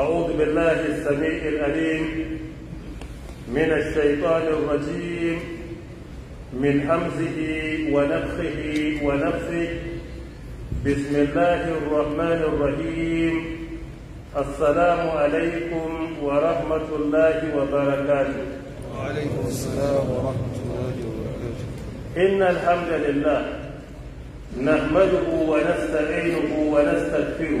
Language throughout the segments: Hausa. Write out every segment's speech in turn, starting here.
أعوذ بالله السميع الأليم من الشيطان الرجيم من حمزه ونفخه ونفسه بسم الله الرحمن الرحيم السلام عليكم ورحمة الله وبركاته وعليكم السلام ورحمة الله وبركاته إن الحمد لله نحمده ونستعينه ونستغفره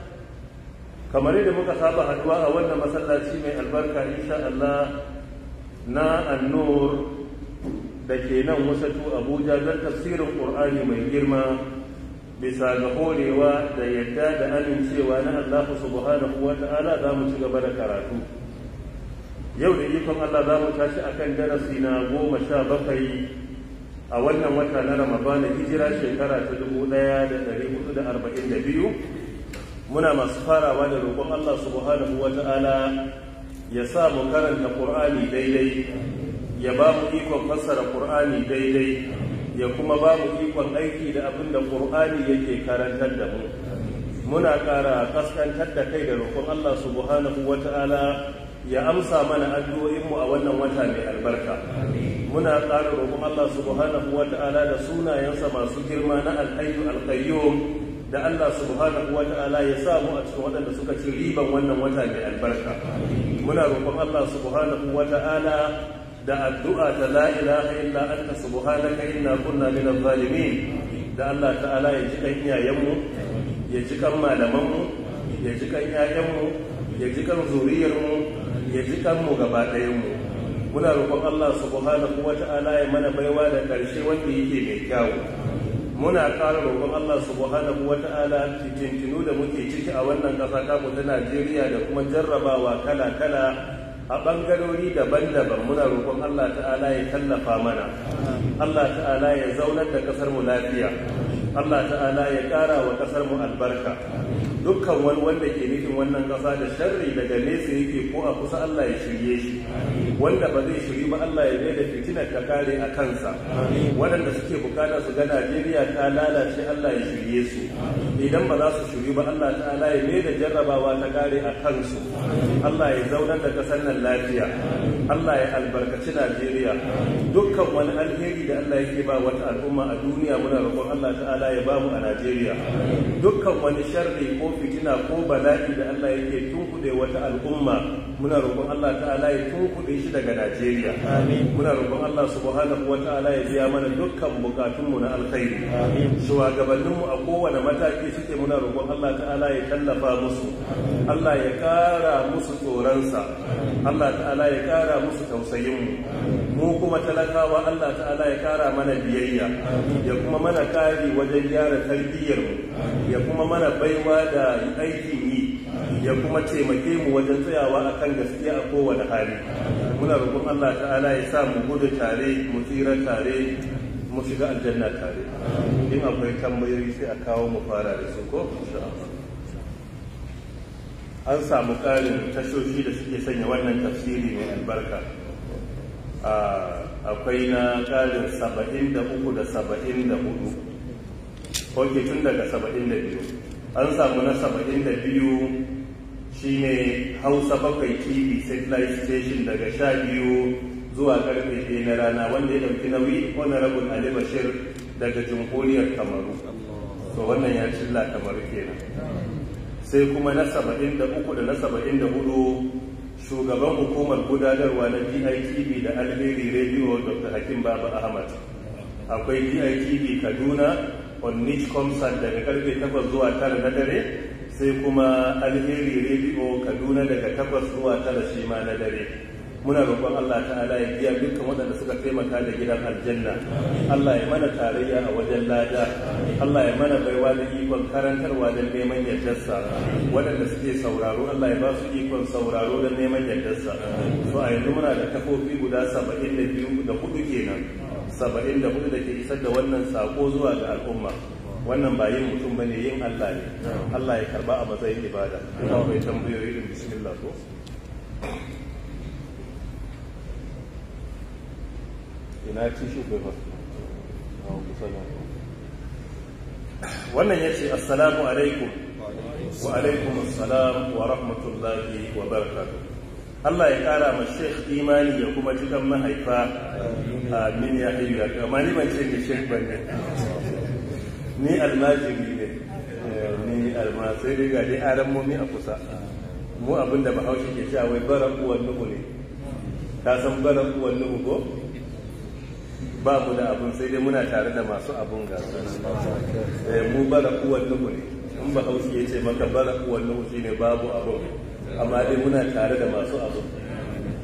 kamar yadda muka saba haduwa a wannan masallaci mai albarka insha Allah na annur da ke nan wasatu abuja don tafsirin ƙur'ani mai girma bisa ga horewa da yadda da amincewa na allah subhanahu wa ta'ala za mu ci gaba da karatu yau da ikon allah za mu tashi kan darasi na goma sha bakwai a wannan wata na ramadana hijira shekara ta dubu ɗaya da ɗari hudu da arba'in da biyu muna masu farawa da roƙon Allah subhanahu wa ta'ala ya sa mu karanta Qur'ani daidai ya ba mu ikon fassara Qur'ani daidai ya kuma ba mu ikon aiki da abin da Qur'ani yake karantar da mu muna ƙara kaskantar da kai da roƙon Allah subhanahu wa ta'ala ya amsa mana addu'o'inmu a wannan wata mai albarka muna ƙara roƙon Allah subhanahu wa ta'ala da sunayensa masu girma na alhayyu alqayyum da Allah subhanahu wa ta'ala ya samu a cikin waɗanda suka ci riban wannan wata mai albarka muna roƙon Allah subhanahu wa ta'ala da addu'a ta la ilaha illa anta subhanaka inna kunna minaz zalimin da Allah ta'ala ya ji kan iyayenmu ya ji kan malamanmu ya ji kan iyayenmu ya ji kan zuriyarmu ya ji kan mu gaba ɗayanmu muna roƙon Allah subhanahu wa ta'ala ya mana baiwa da ƙarshe wanda yake mai kyau muna ƙara roƙon Allah subhanahu wa ta'ala fitintinu da muke ciki a wannan ƙasa ta ta Najeriya da kuma jarrabawa kala-kala a ɓangarori daban-daban muna roƙon Allah ta'ala ya tallafa mana Allah ta'ala ya zaunar da ƙasar mu lafiya Allah ta'ala ya ƙara wa ƙasar mu albarka dukkan wani wanda ke nufin wannan ƙasa da sharri daga nesa yake ko a kusa Allah ya shirye shi wanda ba zai shiri ba Allah ya da fitinar ta kare a kansa waɗanda suke bukata su ga Najeriya ta lalace Allah ya shirye su idan ba za su shiri ba Allah ta'ala ya da jarrabawa ta kare a kansu Allah ya zaunar da ƙasar nan lafiya Allah ya albarkaci Najeriya dukkan wani alheri da Allah yake ba wata al'umma a duniya muna roƙon Allah ta'ala ya ba mu a Najeriya dukkan wani sharri ko fitina ko bala'i da Allah yake tunkuɗe wata al'umma muna roƙon Allah ta'ala ya tunkuɗe shi daga Najeriya muna roƙon Allah subhanahu wa ta'ala ya biya mana dukkan bukatunmu na alkhairi shugabanninmu a kowane mataki suke muna roƙon Allah ta'ala ya tallafa musu Allah ya ƙara musu tsoronsa Allah ta'ala ya ƙara musu tausayinmu mu kuma talakawa Allah ta'ala ya ƙara mana biyayya ya kuma mana kari wajen gyara tarbiyyarmu ya kuma mana baiwa da aikin ya kuma taimake mu wajen tsayawa akan gaskiya a kowane hali muna roƙon Allah ta'ala ya sa mu gudu tare mu tsira tare mu shiga aljanna tare in akwai tambayoyi sai a kawo mu fara da su ko an samu ƙarin tashoshi da suke sanya wannan tafsiri mai albarka akwai na ƙarin saba'in da uku da saba'in da hudu ko ke tun daga saba'in da biyu an samu na saba'in da biyu shine hausa bakwai tv satellite station daga sha biyu zuwa karfe ɗaya na rana wanda ya ɗauki nauyi honorable ali bashir daga jamhuriyar kamaru to wannan ya cilla kamar kenan sai kuma na saba'in da uku da na saba'in da hudu shugaban hukumar gudanarwa na DITV da alheri radio dr hakim baba ahmad akwai DITV kaduna on niche daga karfe 8 zuwa 9 na dare sai kuma alheri rediyo kaduna daga takwas zuwa tara shi ma na dare muna roƙon Allah ta'ala ya biya dukkan waɗanda suka taimaka da gidan aljanna Allah ya mana tarayya a wajen lada Allah ya mana baiwa da ikon karantarwa don neman yardarsa waɗanda suke sauraro Allah ya ba su ikon sauraro don neman yardarsa so a yanzu muna da kafofi guda saba'in da biyu da hudu kenan saba'in da hudu da ke isar da wannan saƙo zuwa ga al'umma wannan ba yin mutum bane yin Allah ne Allah ya karba a matsayin ibada kuma bai tambayoyi irin bismillah ko ina ci shi ko ba wannan ya ce assalamu alaikum wa alaikum assalam wa rahmatullahi wa barakatuh Allah ya kara ma Sheikh imani ya kuma ji dan mahaifa amin ya hayya Kamar ni ban ce ni Sheikh bane ni almajiri ne eh, ni alma sai dai ga dai aran momi a kusa mu abin da bahaushe ke cewa wai baran uwan nuhu ne ka san baran uwan nuhu ko ba mu da abun sai dai muna tare da masu abun ga eh, mu baran uwan nuhu ne in bahaushe ya ce maka baran uwan nuhu shine babu abun amma dai muna tare da masu abun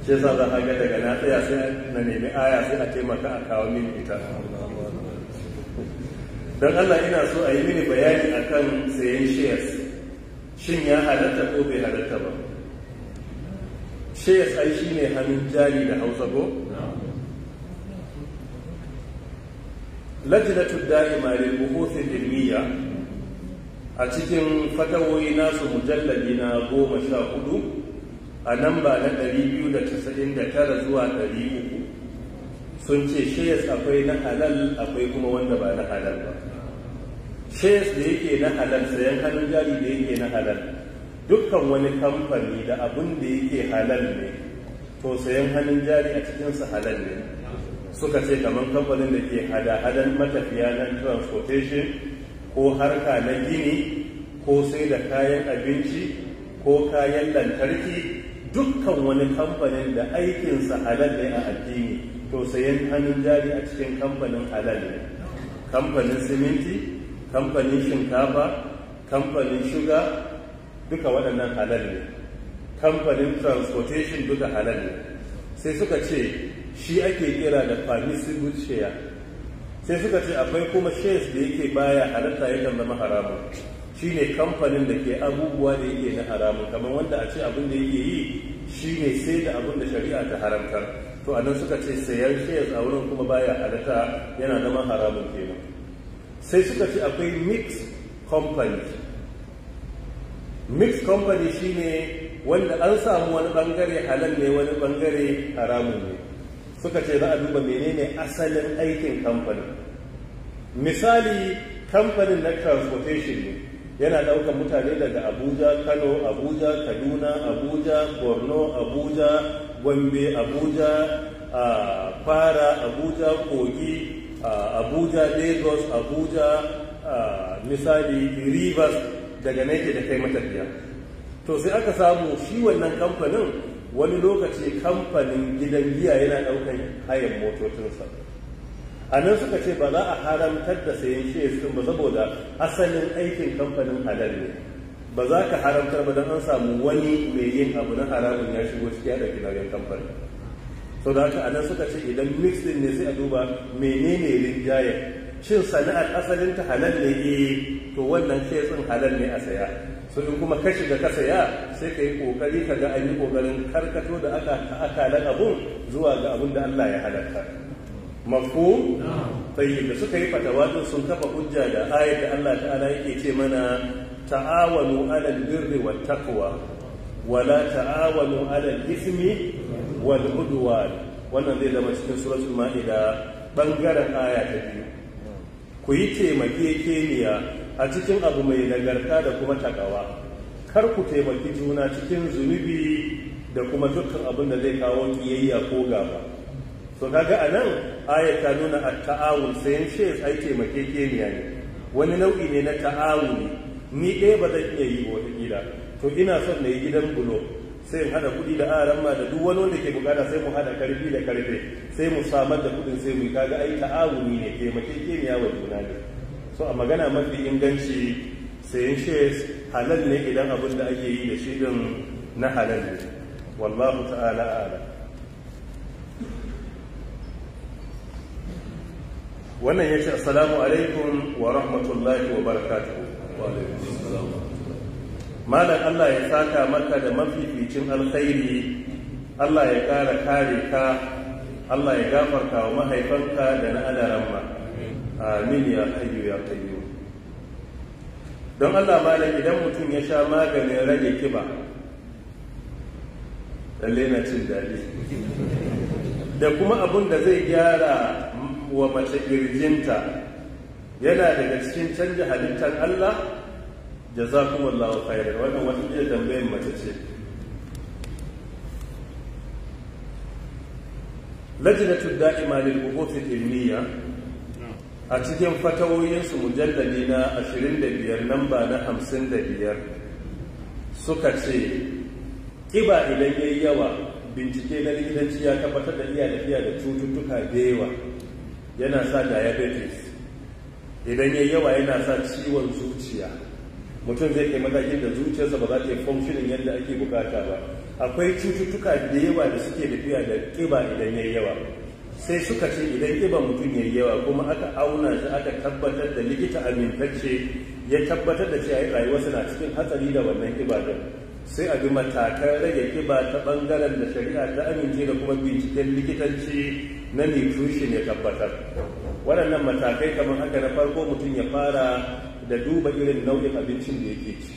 Sai sa za a ga daga na tsaya sai na nemi aya sai a taimaka a kawo mini ita don Allah ina so a yi mini bayani akan sayan shares shin ya halatta ko bai halatta ba shares ai shine hannun jari da hausa ko lajnatu da'ima lil buhuth ilmiya a cikin fatawoyi nasu mujallabi na goma sha hudu a namba na biyu da da tara zuwa uku, sun ce shayas akwai na halal akwai kuma wanda ba na halal ba shares da yake na halal sayan hannun jari da yake na halal dukkan wani kamfani da abun da yake halal ne to sayan hannun jari a cikinsa halal ne suka ce kamar kamfanin da ke hada-hadan matafiya na transportation ko harka na gini ko sai da kayan abinci ko kayan lantarki dukkan wani kamfanin da aikinsa halal ne a addini to sayan hannun jari a cikin kamfanin halal ne kamfanin siminti kamfanin shinkafa kamfanin shuga duka waɗannan halal ne kamfanin transportation duka halal ne sai suka ce shi ake kira da permissible share sai suka ce akwai kuma shares da yake baya halatta yakan zama haramun shi ne kamfanin da ke abubuwa da yake na haramun kamar wanda a ce abin da yake yi shi ne sai da abin da shari'a ta haramtar to anan suka ce sayan shares a wurin kuma baya halatta yana zama haramun kenan sai suka ce akwai mix company mix company shine wanda an samu wani bangare halal ne wani bangare haramun ne suka ce za a duba menene asalin aikin kamfani misali kamfanin na transportation ne yana ɗaukar mutane daga abuja kano abuja kaduna abuja borno abuja gombe abuja fara ah, abuja kogi abuja lagos abuja misali rivers daga nan da kai matafiya to sai aka samu shi wannan kamfanin wani lokaci kamfanin gidan giya yana ɗaukan hayan motocinsa a nan suka ce ba za a haramtar da sayan shi din ba saboda asalin aikin kamfanin halal ne ba za ka haramtar ba don an samu wani mai yin abu na haramun ya shigo ciki ya ɗauki kamfanin sau da haka anan suka ce idan mix ne sai a duba menene rinjaye shin sana'ar asalin ta halal ne eh to wannan sai sun halal ne a saya so in kuma ka shiga ka saya sai ka yi kokari ka ga an yi kokarin karkato da aka akalan abun zuwa ga abun da Allah ya halatta mafu sai da suka yi fatawa sun kafa hujja da ayat da Allah ta'ala yake ce mana ta'awanu ala birri wat wala ta'awanu ala ismi wal udwan wannan zai zama cikin suratul ma'ida bangaren aya ta biyu ku yi taimakekeniya a cikin abu mai nagarta da kuma takawa kar ku taimaki juna cikin zunubi da kuma dukkan abin da zai kawo kiyayya ko gaba so kaga a nan aya ta nuna a ta'awun sayan shi ai taimakekeniya ne wani nau'i ne na ta'awuni ni ɗaya ba zan iya yi wata to ina son na yi gidan bulo sai in hada kudi da aran ma da duk wani wanda ke bukata sai mu hada karfi da karfe sai mu samar da kudin sai mu kaga ai ta'awuni ne ke ne wa juna ne so a magana mafi inganci sayan shares halal ne idan abin da ake yi da shi din na halal ne wallahu ta'ala ala wannan yace assalamu alaikum wa rahmatullahi wa barakatuh wa alaikum malam Allah ya saka maka da mafificin alkhairi Allah ya kara kare ka Allah ya gafarta wa mahaifanka da na adaranma amin ya hayyu ya qayyu don Allah malam idan mutum ya sha maganin rage kiba lalle na cin daɗi da kuma abun da zai gyara wa mace kirjinta yana daga cikin canja halittar Allah Allah khairan wannan wata iya tambayar mace ce lajnatu da'ima lil buhuth ilmiya a cikin fatawoyinsu mujalladi na 25 namba na 55 suka ce kiba idan yayi yawa bincike na likitanci ya tabbatar da iya lafiya da cututtuka da yawa yana sa diabetes idan yayi yawa yana sa ciwon zuciya mutum zai kai matakin da zuciyarsa ba za ta yi functioning yadda ake bukata ba akwai cututtuka da yawa da suke tafiya da ƙiba idan yayi yawa sai suka ce idan ƙiba mutum yayi yawa kuma aka auna shi aka tabbatar da likita amintacce ya tabbatar da cewa rayuwarsa na cikin hatsari da wannan ƙiba din sai a bi matakan rage kiba ta bangaren da shari'a ta amince da kuma binciken likitanci na mai ya tabbatar waɗannan matakai kamar haka na farko mutum ya fara da duba irin nau'in abincin da yake ci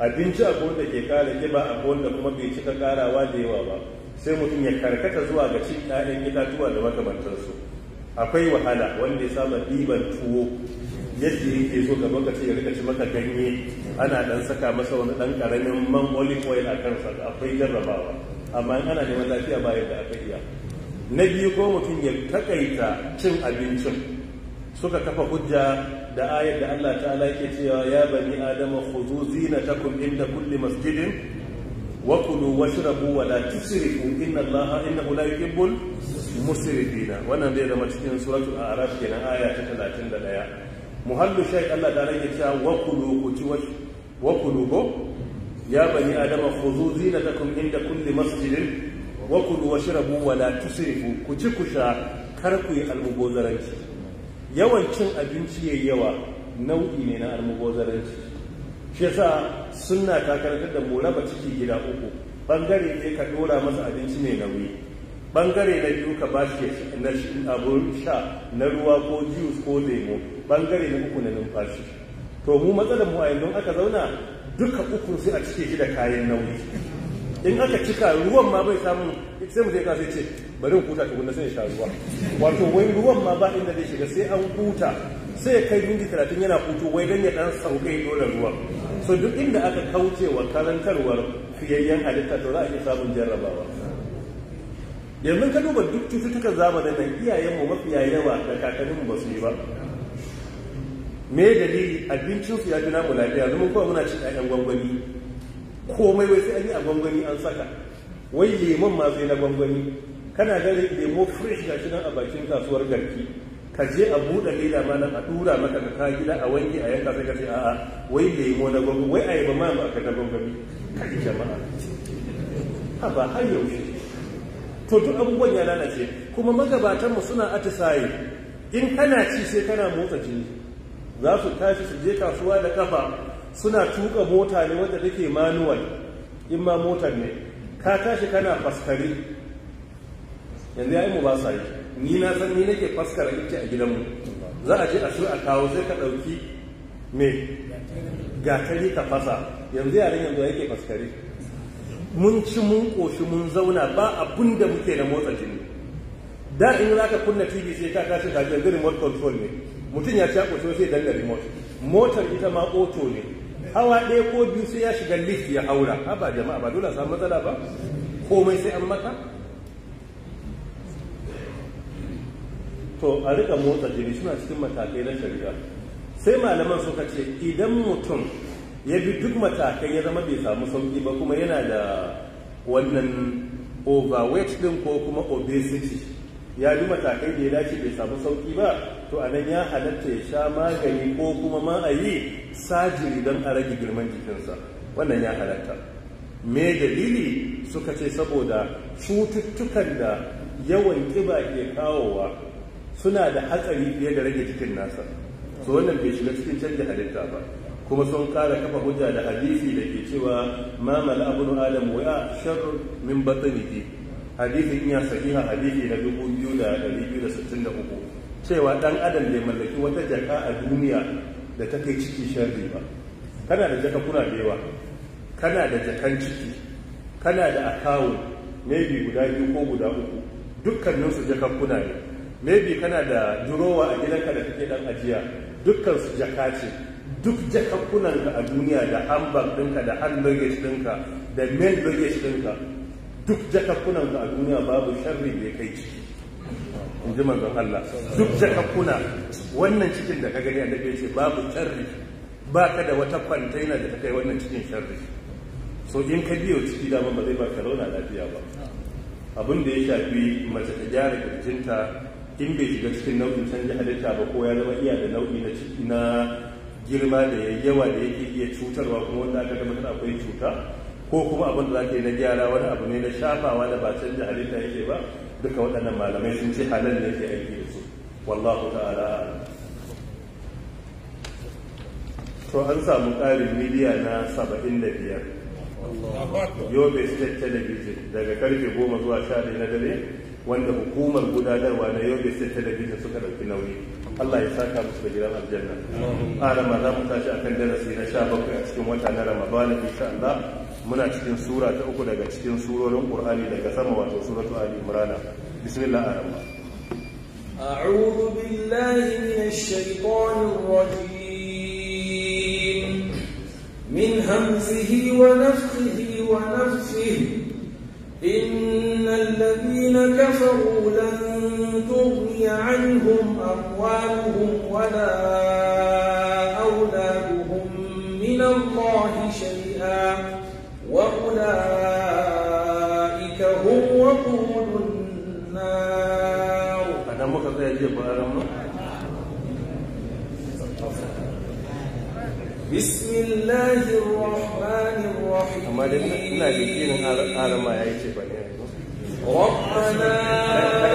abinci a da ke kara kiba a da kuma bai cika karawa da yawa ba sai mutum ya karkata zuwa ga cin ɗayan itatuwa da makamantarsu akwai wahala wanda ya saba ɗiban tuwo yadda yake so gaba ka ce ya rika ci maka ganye ana dan saka masa wani ɗan karamin man olive oil a kansa akwai jarrabawa amma in ana neman lafiya bayan da aka iya na biyu ko mutum ya takaita cin abincin suka kafa hujja da ayar da Allah ta'ala yake cewa ya bani adama khudhu zinatakum inda kulli masjidin wa kulu washrabu wa la tusrifu inna Allaha innahu la yuhibbul musrifina wannan zai zama cikin suratul a'raf kenan aya ta 31 muhallu shay Allah ta'ala yake cewa wa kulu ku ci wa kulu ya bani adama khudhu zinatakum inda kulli masjidin wa shirabu wa la tusrifu ku ci ku sha kar ku yi almubazaranci yawan cin abinci yayi yawa nau'i ne na almubazaranci shi yasa sunna ta da muraba ba ciki gida uku bangare ne ka dora masa abinci mai nauyi bangare na biyu ka ba shi na abun sha na ruwa ko juice ko lemo bangare na uku na numfashi to mu matsalar mu a yanzu aka zauna duka uku sai a cike shi da kayan nauyi in aka cika ruwan ma bai samu sai mu je ka sai ce bari in huta tukunna sai ya sha ruwa wato wai ruwan ma ba inda zai shiga sai an huta sai ya kai minti talatin yana hutu wai dan ya dan sauke ruwa? dora so duk inda aka kauce wa karantarwar fiyayyen halitta to za a iya samun jarrabawa yanzu ka duba duk cututtukan zamanin nan iyayenmu mafiya yawa da kakanninmu ba su yi ba me dalili abincin su ya fi namu lafiya zama kuma muna cin ɗayan gwangwani komai wai sai an yi a gwangwani an saka wai lemon ma sai na gwangwani kana ga lemo fresh ga shi nan a bakin kasuwar garki ka je a buɗe leda ma nan a ɗura maka ka gida a wanke a yanka sai ka ce a'a wai lemo na gwangwani wai ayaba ma ba ka na gwangwani ka ji jama'a a ba har yaushe to duk abubuwan ya lalace kuma magabatan mu suna atisaye in kana ci sai kana motsa jini za su tashi su je kasuwa da kafa suna tuka mota ne wadda take manual in ma motar ne ka tashi kana faskare yanzu ya yi mu ba sa yi ni na san ni nake faskara ita a gidanmu za a je a so a kawo sai ka ɗauki me gatari ka fasa yanzu yaren yanzu yake faskare mun ci mun ƙoshi mun zauna ba abun da muke da motsa jini da in za ka kunna tv sai ka tashi ka jirgin remote control ne mutum ya ci a koshi sai danna remote motar ita ma oto ne hawa ɗaya ko biyu sai ya shiga lift ya haura ha ba jama'a ba dole samu matsala ba komai sai an mata to a rika motsa jini suna cikin matakai na shari'a sai malaman suka ce idan mutum ya bi duk matakai ya zama bai samu sauki ba kuma yana da wannan overweight din ko kuma obesity ya bi matakai da ya dace bai samu sauki ba to a nan ya halatta ya sha magani ko kuma ma a yi sajiri don a rage girman jikinsa wannan ya halatta me dalili suka ce saboda cututtukan da yawan kiba ke kawowa suna da hatsari fiye da rage jikin nasa so wannan bai shiga cikin canji halitta ba kuma sun kara kafa hujja da hadisi da ke cewa mamala mal abun alam wa sharr min batnihi hadisi in ya sahiha hadisi na 2263 cewa dan adam bai mallaki wata jaka a duniya da ta kai ciki sharri ba kana da jaka kuna da yawa kana da jakan ciki kana da akawun maybe guda biyu ko guda uku dukkanin su jakan kuna ne maybe kana da durowa a gidanka da kake dan ajiya dukkan su jaka ce duk jakankunanka a duniya da handbag ɗinka da hand luggage ɗinka da main luggage ɗinka duk jakankunanka a duniya babu sharri bai kai ciki in ji manzon Allah duk kuna wannan cikin da ka gani annabi yace babu sharri ba ka da wata kwantaina da ta kai wannan cikin sharri so in ka biyo ciki da ba zai ba ka lafiya ba abin da ya shafi mace ta gyara kirjinta in bai shiga cikin nau'in canji halitta ba ko ya zama iya da nau'i na ciki na girma da ya yawa da yake iya cutarwa kuma wanda aka tana akwai cuta ko kuma abin da za ka yi na gyara wani abu ne na shafawa da ba canji halitta yake ba duka waɗannan malamai sun ce halal ne ke aiki da su wallahu ta'ala to an samu ƙarin miliya na saba'in da biyar yobe state television daga karfe goma zuwa sha na dare wanda hukumar gudanarwa na yobe state television suka ɗauki nauyi allah ya saka musu da gidan aljanna a rama za mu tashi akan darasi na sha a cikin wata na ramadana insha allah muna cikin sura ta uku daga cikin surorin qur'ani daga sama wato suratu ali imran bismillah arrahman a'udhu billahi minash shaitanir rajim min hamzihi wa nafthihi wa nafthihi إن الذين كفروا لن تغني عنهم أموالهم ولا rage baran ma بسم الله الرحمن الرحيم ربنا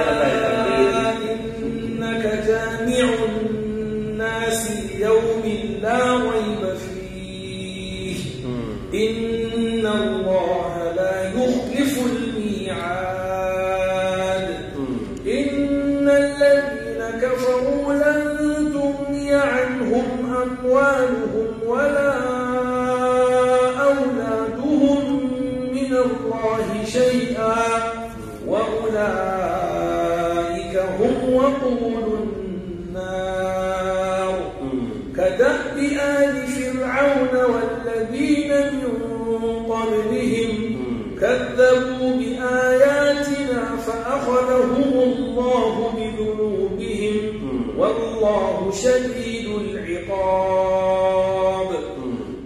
شديد العقاب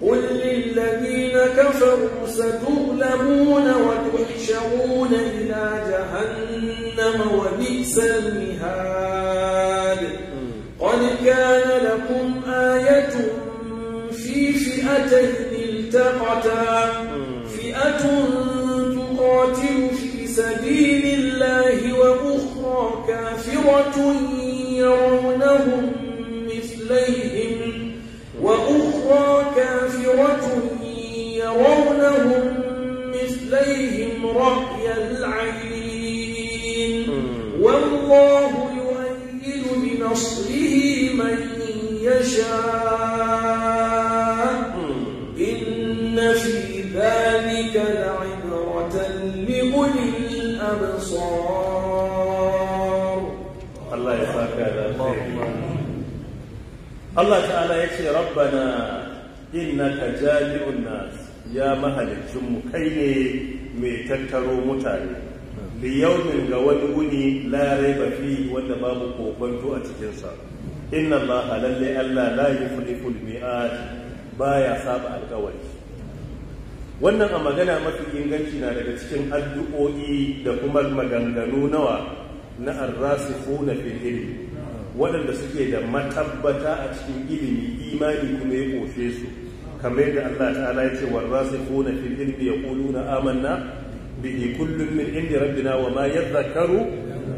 قل للذين كفروا ستغلبون وتحشرون إلى جهنم وبئس المهاد قد كان لكم آية في فئتين التقتا فئة تقاتل في سبيل الله وأخرى كافرة Allah ta'ala ya ce rabbana innaka jami'un nas ya mahalicin mu kai ne mai tattaro mutane li yawmin ga wani wuni larai raiba fi wanda babu kokonto a cikin sa inna Allah lalle Allah la yufliful mi'ad baya saba alkawari wannan a magana mafi inganci na daga cikin addu'o'i da kuma maganganu nawa na arrasifuna fil ilmi waɗanda suke da matabbata a cikin ilimi imani kuma ya ƙoshe su kamar yadda Allah ta'ala ya ce warrasikuna fil ilmi yaquluna amanna bihi kullum min inda rabbina wa ma yadhakkaru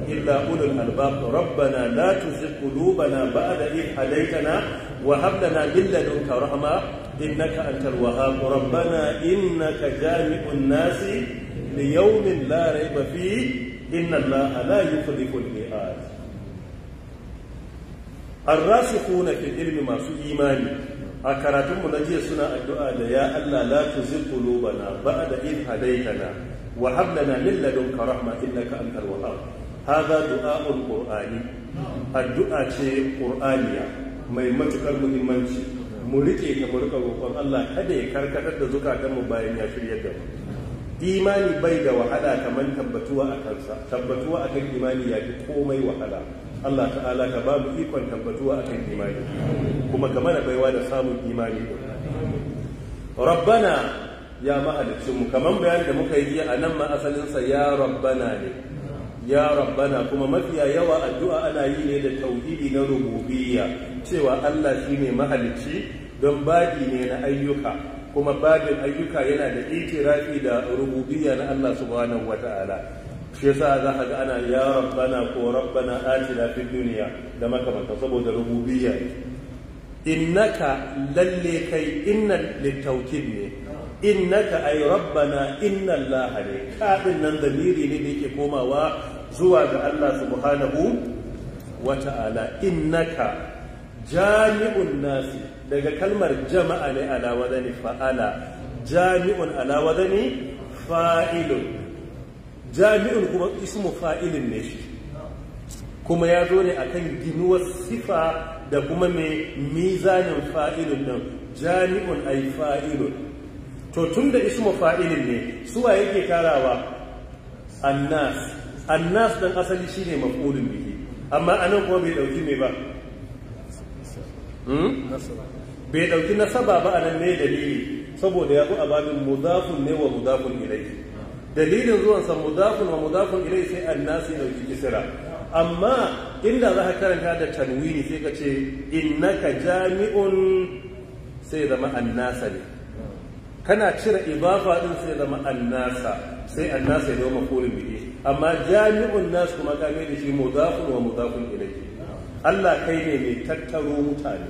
illa ulul albab rabbana la tuzigh qulubana ba'da idh hadaytana wa hab lana min ladunka rahma innaka antal wahhab rabbana innaka jami'un nasi liyawmin la rayba fihi inna allaha la yukhlifu al-mi'ad arrasikhuna fil ilmi masu imani a karatunmu na jiya suna addu'a da ya Allah la tuzigh qulubana ba'da idh na. wa hab lana min ladunka rahma innaka antal wahhab hadha du'a'ul qur'ani addu'a ce ƙur'aniya, mai matukar muhimmanci mu riƙe ta mu rika roƙon Allah kada ya karkatar da zukatanmu bayan ya shirya da mu imani bai da wahala kamar tabbatuwa a kansa tabbatuwa a kan imani ya fi komai wahala Allah ta'ala ka ba mu ikon tabbatuwa akan imani kuma ka mana baiwa da samun imani din rabbana ya mahalicin mu kamar bayan da muka yi a nan ma sa ya rabbana ne ya rabbana kuma mafiya yawa addu'a ana yi ne da tauhidi na rububiyya cewa Allah shi ne mahalicci don baƙi ne na ayyuka kuma babin ayyuka yana da itirafi da rububiyya na Allah subhanahu wata'ala shi yasa za ka ga ana ya rabbana ko rabbana atina fid duniya da makamanta saboda rububiyya innaka lalle kai innal litaukid ne innaka ai rabbana inna allaha ne kadin nan zamiri ne da yake komawa zuwa ga Allah subhanahu wa ta'ala innaka jami'un nasi daga kalmar jama'a ne ala wadani fa'ala jami'un ala wadani fa'ilun jami'in kuma ismu fa'ilin ne shi kuma ya zo ne akan ginuwar sifa da kuma mai mizanin fa'ilin nan jami'un ai fa'ilun to tun da ismu fa'ilin ne suwa yake karawa annas annas dan asali shine maf'ulun bihi amma anan kuma bai dauki mai ba hmm? bai dauki nasaba ba anan ne dalili saboda ya zo a babin mudafun ne wa mudafun ilayhi dalilin zuwansa mudafun wa mudafun ilai sai an annasi dauki kisira amma inda za ka karanta da tanwini sai ka ce innaka jami'un sai zama annasa ne kana cire ibafa din sai zama annasa sai annasa ya zama kulin bihi amma jami'un nas kuma ka mai da shi mudafun wa mudafun ilai Allah kai ne mai tattaro mutane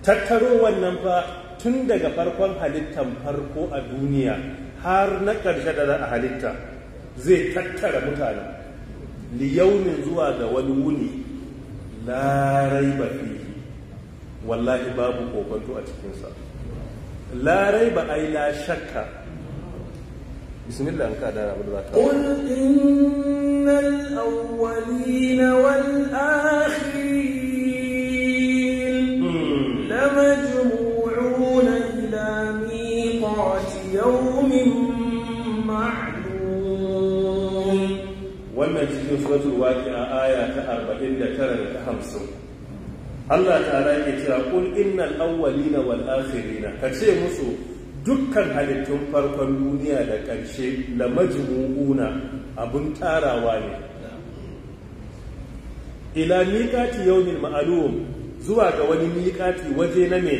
tattaro wannan fa tun daga farkon halittan farko a duniya har na ƙarshe da za a halitta zai tattara mutane liyaunin zuwa ga wani wuni larai ba fi wallahi babu kokonto a cikinsa larai ba ai la shakka bismillah an kada abu da kun innal awwalin wal akhirin hmm. lamajnun wannan cikin suratul waqi'a aya ta 49 da 50 Allah ta'ala yake cewa qul innal awwalina wal akhirina kace musu dukkan halittun farkon duniya da ƙarshe la majmu'una abun tarawa ne ila miqati yawmil ma'lum zuwa ga wani miqati waje na me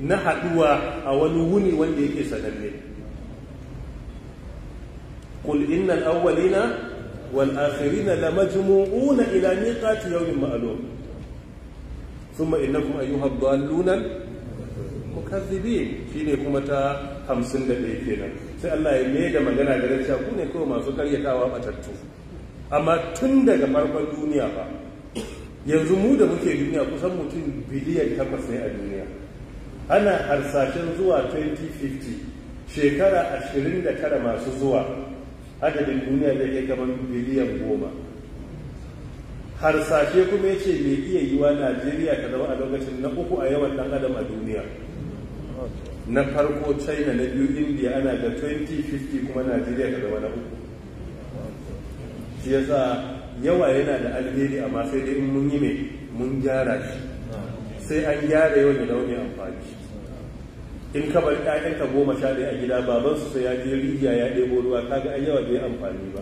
na haduwa a wani wuni wanda yake sananne qul innal awwalina والآخرين لمجموعون إلى ميقات يوم معلوم ثم إنكم أيها الضالون مكذبين شيني كما تا خمسين دقيقة كينا سي الله يميد مغانا غير شاكوني كما سكر يتاوى أتتو أما تندق مرقى الدنيا با yanzu mu da muke duniya kusan mutum biliyan takwas ne a duniya ana harsashen zuwa 2050 shekara 29 masu adadin duniya zai kai kamar biliyan goma harsashe kuma ya ce mai iya yiwa najeriya ta zama a lokacin na uku a yawan dan adam a duniya na farko china na biyu india ana da 2050 kuma najeriya ta zama na uku shi yasa yawa yana da alheri amma sai dai mun yi mai mun gyara shi sai an gyara yau da launin amfani in ka bar ka goma sha ɗaya a gida baban su ya je rijiya ya ɗebo ruwa kaga an yawa bai amfani ba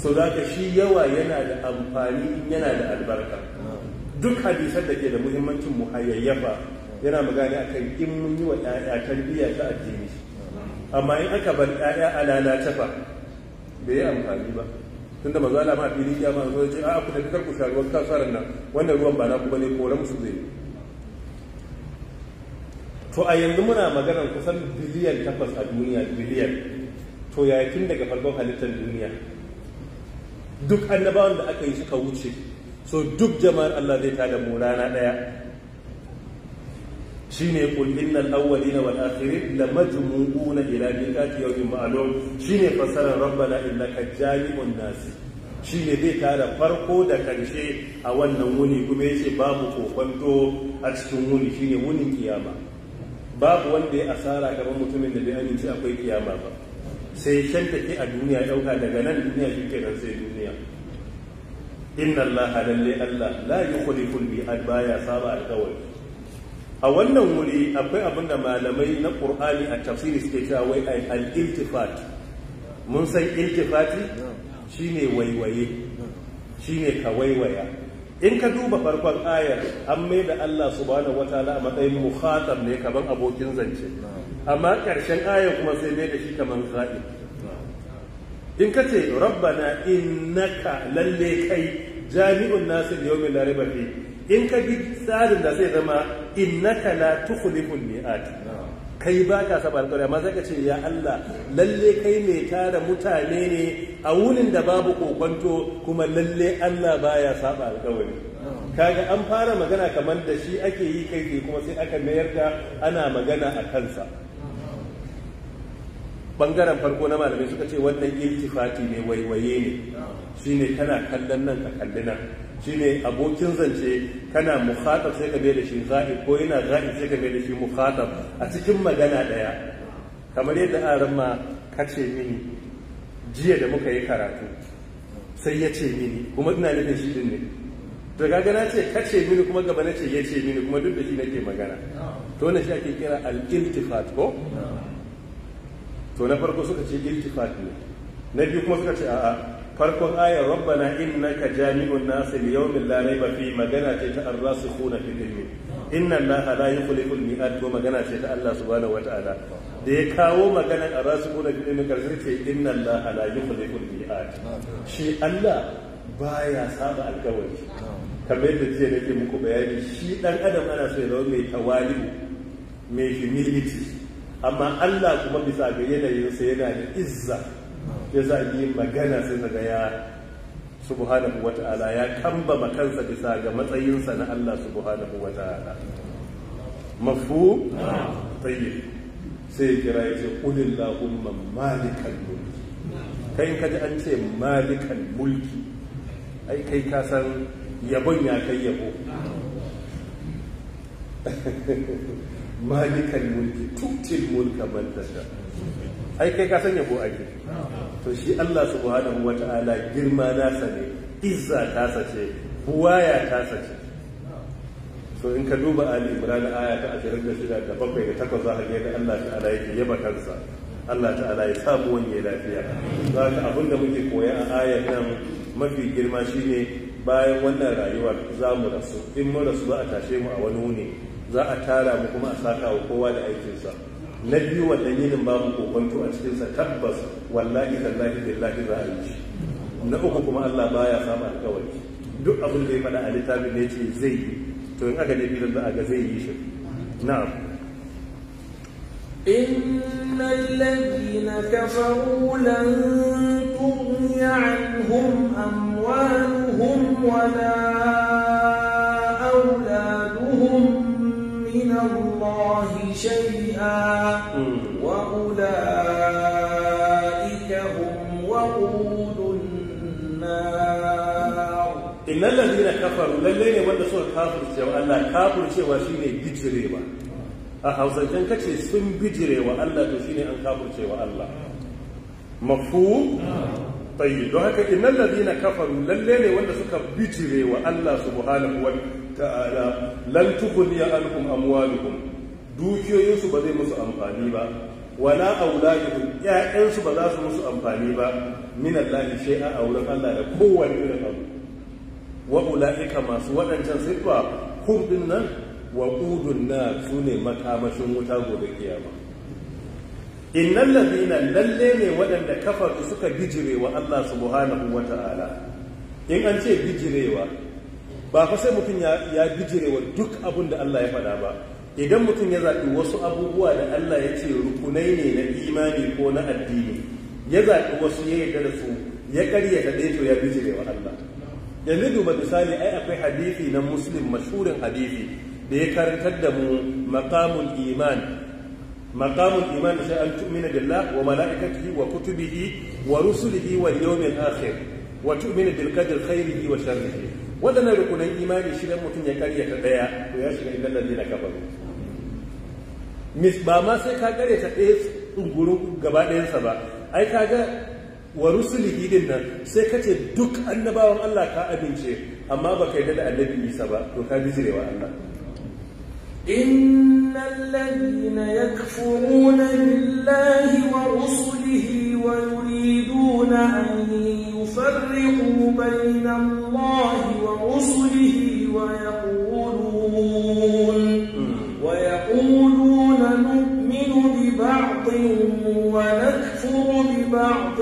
so ka shi yawa yana da amfani yana da albarka duk hadisan da ke da muhimmancin mu muhayayyafa yana magana akan in mun yi wa ƴaƴa tarbiyya ta addini amma in aka bar ƴaƴa a lalace fa bai amfani ba tunda manzo Allah ma fili ya manzo ya ce a ku tafi kar ku sharuwar kasuwar nan wannan ruwan ba na ku bane koran su zai to a yanzu muna maganar kusan biliyan takwas a duniya biliyan to ya daga farkon halittar duniya duk annabawan da aka yi suka wuce so duk jama'ar Allah zai tada mu rana daya shine qul innal awwalina wal akhirin lamajmu'una ila miqati yawmin ma'lum shine fasarar rabbana innaka jami'un nas shine zai tara farko da karshe a wannan wuni kuma yace babu kokonto a cikin wuni shine wunin kiyama babu wanda ya asara kamar mutumin da bai amince akwai kiyama ba sai ke a duniya ɗauka daga nan duniya kike nan sai duniya inna Allah lalle Allah la yukhliful bi miad baya saba alqawl a wannan wuri akwai abin da malamai na Qur'ani a tafsiri suke cewa wai al-iltifat mun san iltifati shine waiwaye shine ka waiwaya in ka duba farkon ayar an mai da Allah subhanahu wataala a matsayin mukhatab ne kaman abokin zance amma ƙarshen ayar kuma sai mai da shi kaman zaɓi in ka ce rabbana innaka lalle kai jami'un nasu da yawmin la in ka bi tsarin da zai zama innaka la tukhlifun mi'at kai ba ka saba alƙawari amma ka ce ya Allah lalle kai mai tara mutane ne a wunin da babu kokonto kuma lalle Allah baya saba alkawari kaga an fara magana kamar da shi ake yi kai tsaye kuma sai aka mayar da ana magana a kansa bangaren farko na malamai suka ce wannan iltifati ne waiwaye ne shine tana kallon nan ka kalli nan shine abokin zance kana mukhatab sai ka da shi za'i ko yana za'i sai ka da shi mukhatab a cikin magana daya kamar yadda aran ma ce mini jiya da muka yi karatu sai ya ce mini kuma ina nufin shi din ne to kaga gana ce ce mini kuma gaba na ce ya ce mini kuma duk da shi nake magana to na shi ake kira al-iltifat ko to na farko suka ce iltifat ne na biyu kuma suka ce a'a farkon ayar rabbana innaka jami'un nasi li yawmin la rayba fi magana ce ta ar-rasikhuna fil ilmi inna allaha la yukhlifu al-mi'ad ko magana ce ta Allah subhanahu wata'ala da ya kawo maganar ar-rasikhuna fil ilmi karshe ce inna allaha la yukhlifu al-mi'ad shi Allah baya saba alkawari kamar yadda jiya nake muku bayani shi dan adam ana so ya zama mai tawali mai humility amma Allah kuma bisa ga yanayinsa yana da izza ya za a yi magana sai daga ya subhanahu wa ta'ala ya kamba kansa bisa ga matsayinsa na Allah subhanahu wa ta'ala mafu tayyib sai kira ya ce qulil lahumma malikal mulki kai ka ji an ce malikal mulki ai kai ka san yabon ya kai yabo malikal mulki tutil mulka man tasha ai kai ka san yabo ake to shi Allah subhanahu wa ta'ala girma nasa ne izza ta ce ya ta sace. so in ka duba ali imran aya ta 26 da 7 da 8 za a ga Allah ta'ala yake yaba kansa Allah ta'ala ya samu wani lafiya za ka abin da muke koya a ayar nan mafi girma shine bayan wannan rayuwar za mu rasu in mu rasu za a tashe mu a wani wuni za a tara mu kuma a saka wa kowa da aikinsa na biyu wannan yinin babu kokonto a cikinsa tabbas wallahi tallahi billahi za a yi shi na uku kuma Allah baya saba alƙawari duk abin da ya faɗa a littafin ne ce zai yi to in aka je filin za ga zai yi shi na'am إن الذين كفروا لن تغني عنهم أموالهم ولا من الله شيئا وأولئك هم وقود النار إن الذين كفروا ne wanda suka kafirce wa Allah kafircewa shine bijirewa a hausancen kace sun bijirewa Allah to shine an cewa Allah mafhum tayyib don haka innal ladina kafaru lalle ne wanda suka bijirewa Allah subhanahu wa ta'ala ta'ala lan tughniya anhum amwalukum dukiyoyinsu ba zai musu amfani ba wala auladukum ƴaƴansu ba za su musu amfani ba min Allah shay'a a wurin Allah da kowane irin abu wa ulaika masu waɗancan siffa, hum din nan wa qudun sune makamashin wuta gobe kiyama innal ladina lalle ne waɗanda kafaru suka bijirewa Allah subhanahu wata'ala in an ce gijirewa. ba fa sai mutum ya wa duk abin da Allah ya faɗa ba idan mutum ya zaɓi wasu abubuwa da Allah ya ce rukunai ne na imani ko na addini ya zaɓi wasu ya yarda da su ya ƙarya ɗaya to ya wa Allah yanzu duba misali ai akwai hadisi na muslim mashhurin hadisi da ya karantar da mu maqamul iman wa kutubihi wa rusulihi بالله wa akhir wa tu'mina الآخر وتؤمن khairihi wa sharrihi waɗannan rukunan imani shi dan mutum ya karyata daya to ya shiga idan na kafaru ba ma sai ka karyata ɗaya gurin gaba ɗayansa ba ai ka ga wa rusulihi din nan sai ka ce duk annabawan Allah ka abince amma baka yarda da annabi Isa ba to ka bijirewa Allah إن الذين يكفرون بالله ورسله ويريدون أن يفرقوا بين الله ورسله ويقولون ويقولون نؤمن ببعض ونكفر ببعض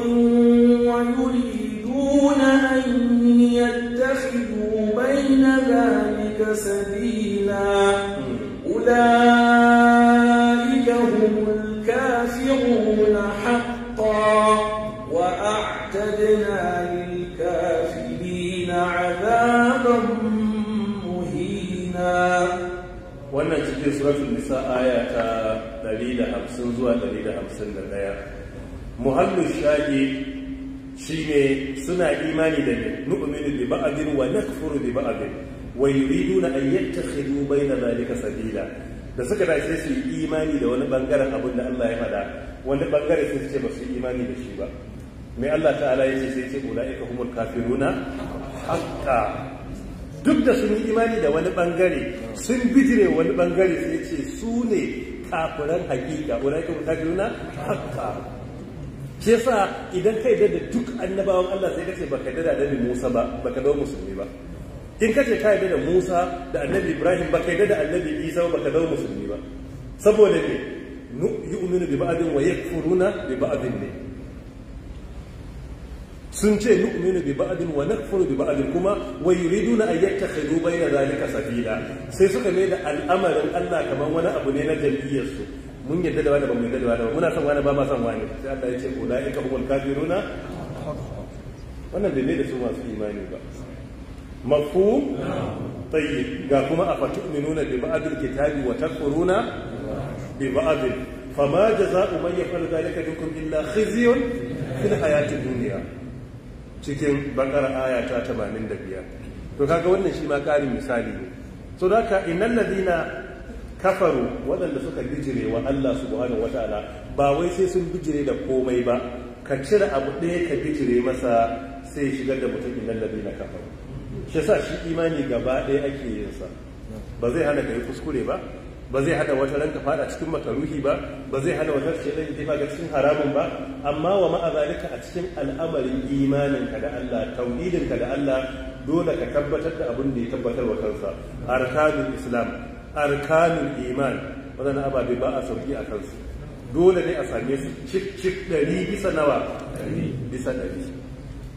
ويريدون أن يتخذوا بين ذلك سبيلا cikin suratul nisa aya ta 150 zuwa 151 muhallin shagi shine suna imani da ne nu'minu bi ba'din wa nakfuru bi ba'din wa yuriduna an yattakhidu bayna dhalika sabila da suka dace su yi imani da wani bangaren abin da Allah ya faɗa wani bangare sai ce ba su yi imani da shi ba mai Allah ta'ala ya ce sai ce ula'ika humul kafiruna haqqa duk da sun yi imani da wani bangare sun bijire wani bangare sai ce su ne kafuran hakika wala ka mutafiruna haka Ke sa idan kai da duk annabawan Allah sai kace baka da annabi Musa ba baka da musulmi ba in kace kai da Musa da annabi Ibrahim baka da annabi Isa ba baka da musulmi ba saboda ne yu'minu bi ba'din wa yakfuruna bi ba'din ne sun ce nu'minu bi ba'din wa nakfuru bi ba'din kuma wa yuriduna an yattakhidhu bayna zalika sabila sai suka mai da al'amarin Allah kamar wani abu ne na jam'iyyar su mun yadda da wani ba mun yadda da wani muna son wani ba ma son wani sai Allah ya ce ulaika humul kafiruna wannan bai mai da su masu imani ba mafhum tayyib ga kuma afatu'minuna bi ba'dil kitabi wa takfuruna bi ba'dil fama jazaa'u man yaf'alu dhalika minkum illa khizyun fil hayatid dunya cikin bakar aya ta 85 to kaga wannan shi ma ƙarin misali ne so da ka innal ladina kafaru waɗanda suka bijire wa Allah subhanahu wataala ba wai sai sun bijire da komai ba ka cire abu ɗaya ka bijire masa sai shigar da mutum innal ladina kafaru shi yasa shi imani gaba ɗaya ake yin sa ba zai hana ka yi kuskure ba ba zai hana wata ranka fada cikin makaruhi ba ba zai hana wata ce zai jefa ga cikin haramun ba amma wa ma'azalika a cikin al'amarin imaninka da Allah ka da Allah dole ka tabbatar da abin da ya tabbatar wa kansa arkanul islam arkanul iman wannan ababe ba a sauki a kansu dole ne a same su cik cik dari bisa nawa bisa dari.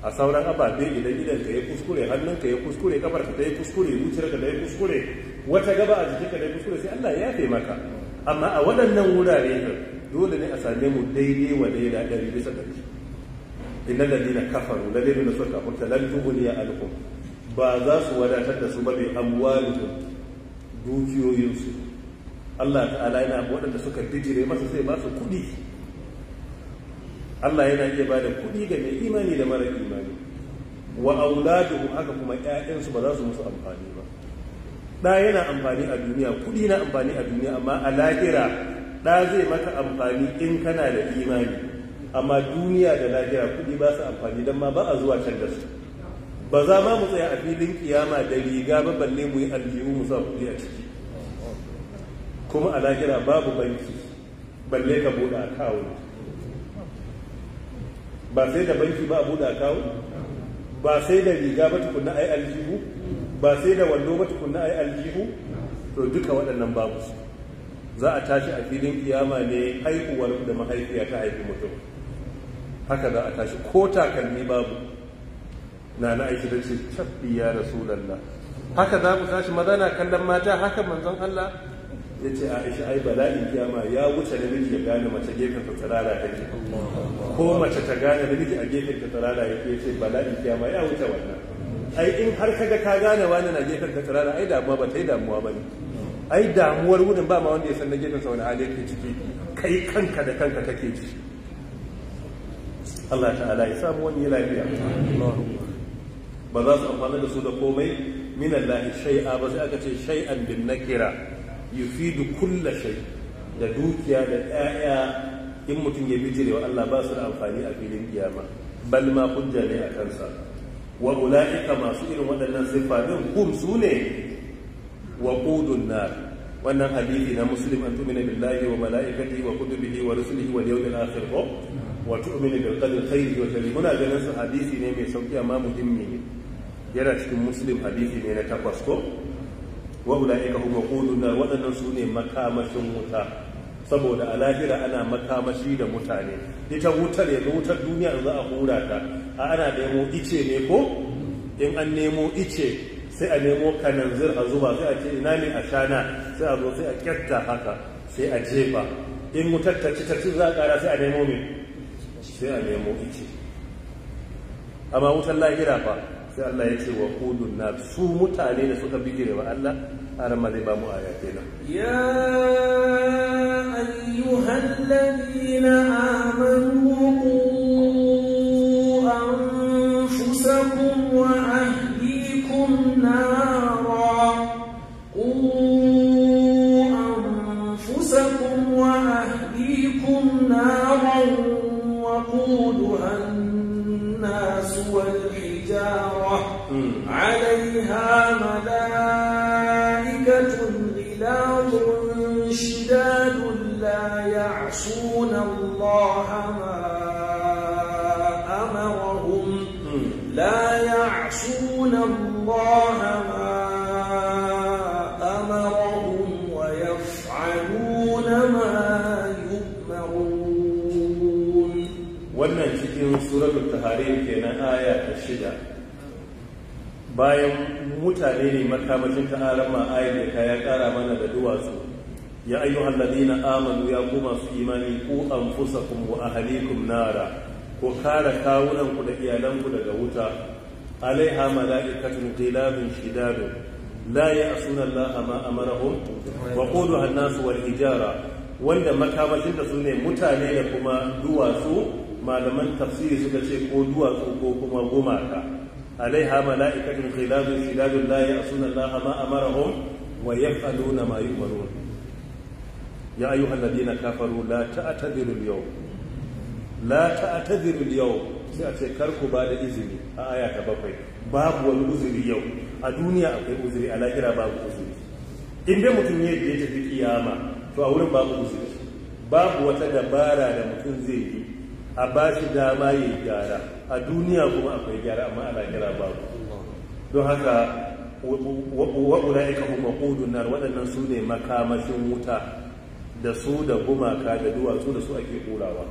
a sauran ababe idan idan ka ya kuskure hannunka ya kuskure kafarka ta ya kuskure zuciyarka ta ya kuskure wata gaba a jikinka da kuskure sai Allah ya taimaka amma a waɗannan wurare dole ne a same mu daidai wa daida ɗari bisa ɗari inna ladina kafaru ladina suka kafurta lan ya anhum ba za su wadatar da su ba bai amwaluhum dukiyoyinsu Allah ta'ala yana waɗanda suka bijire masa sai ba su kuɗi Allah yana iya ba da kuɗi ga mai imani da mara imani wa auladuhu haka kuma 'ya'yansu ba za su musu amfani ba ɗa yana amfani a duniya kuɗi na amfani a duniya amma a lahira ɗa zai maka amfani in kana da imani amma duniya da lahira kuɗi ba su amfani don ma ba a zuwa can da su ba za ma mu tsaya a filin kiyama da riga ba balle mu yi aljihu mu sa kuɗi a ciki kuma a lahira babu banki balle ka buɗe kawo ba sai da banki ba a buɗe kawo ba sai da riga ba tukuna ai aljihu ba sai da wando ba tukunna yi aljihu to duka waɗannan babu su za a tashi a filin kiyama ne haihuwar da mahaifiya ta haifi mutum haka za a tashi ko takalmi babu na na aiki da ce cabbi ya rasulallah haka za mu tashi maza na kallon mata haka manzon Allah ya ce aisha ai bala'in kiyama ya wuce namiji ya gane mace gefen ta tsirara take ko mace ta gane namiji a gefen ta tsirara yake ya ce bala'in kiyama ya wuce wannan ai in har ga ka gane wani na gefen ka tsirara ai damuwa ba ta yi damuwa ba ne ai damuwar wurin ba ma wanda ya san na gefen sa wani hali yake ciki kai kanka da kanka kake ciki Allah ta'ala ya samu wani lafiya ba za su amfani da su da komai min Allah shay'a ba sai aka ce shay'an bin nakira yufidu kulla shai, da dukiya da 'ya'ya in mutum ya wa Allah ba su da amfani a filin kiyama bal ma hujja ne a kansa wa ula'ika masu irin waɗannan siffafin hum su ne wa qudun nar wannan hadisi na muslim an tumina billahi wa mala'ikatihi wa kutubihi wa rusulihi wa yawmil akhir ko wa tu'minu bil qadri khairi wa sharrihi muna ganin su hadisi ne mai sauki amma muhimmi ne yana cikin muslim hadisi ne na takwas ko wa ula'ika hum waqudun nar waɗannan su ne makamashin wuta saboda a lahira ana makamashi da mutane ita wutar yanzu wutar duniya yanzu a hura ta a ana nemo ice ne ko in an nemo ice sai a nemo kananzir a zuba sai a ce ina ne a shana sai a zo sai a kyatta haka sai a jefa in wutar ta ci ta ci za a kara sai a nemo me sai a nemo ice amma wutar lahira fa sai Allah ya wa qudun na su mutane da suka bigire wa Allah aran ma zai ba mu aya kenan ya ayyuhalladhina amanu الله ما أمرهم لا يعصون الله ما أمرهم ويفعلون ما يؤمرون wannan cikin سورة taharim kenan آية ta bayan mutane ne makamacin ta'alamma ayar ayyuka ya kara mana da duwatsu ya ayyuhal ladina amanu ya ku masu imani ku anfusakum wa ahlikum nara ku kare kawunanku da iyalanku daga wuta alaiha mala'ikatun qilamin shidadun la ya'suna Allah ma amarahum wa quluha an-nas hijara wanda makamashin da sune mutane da kuma duwatsu malaman tafsiri suka ce ko duwatsu ko kuma gumaka alaiha mala'ikatun qilamin a la ya'suna Allah ma amarahum wa yaf'aluna ma yu'marun ya ayyuha na kafaru la ta'tadiru al-yawm la ta'tadiru al-yawm sai a ce ku ba da izini a aya bakwai babu wani uzuri yau a duniya akwai uzuri a babu uzuri in dai mutum ne da ya tafi kiyama to a wurin babu uzuri babu wata dabara da mutum zai yi a ba shi dama ya gyara a duniya kuma akwai gyara amma a babu don haka wa'ula'ika kuma ƙudun nar waɗannan su ne makamashin wuta da su da gumaka da duwatsu da su ake ƙurawa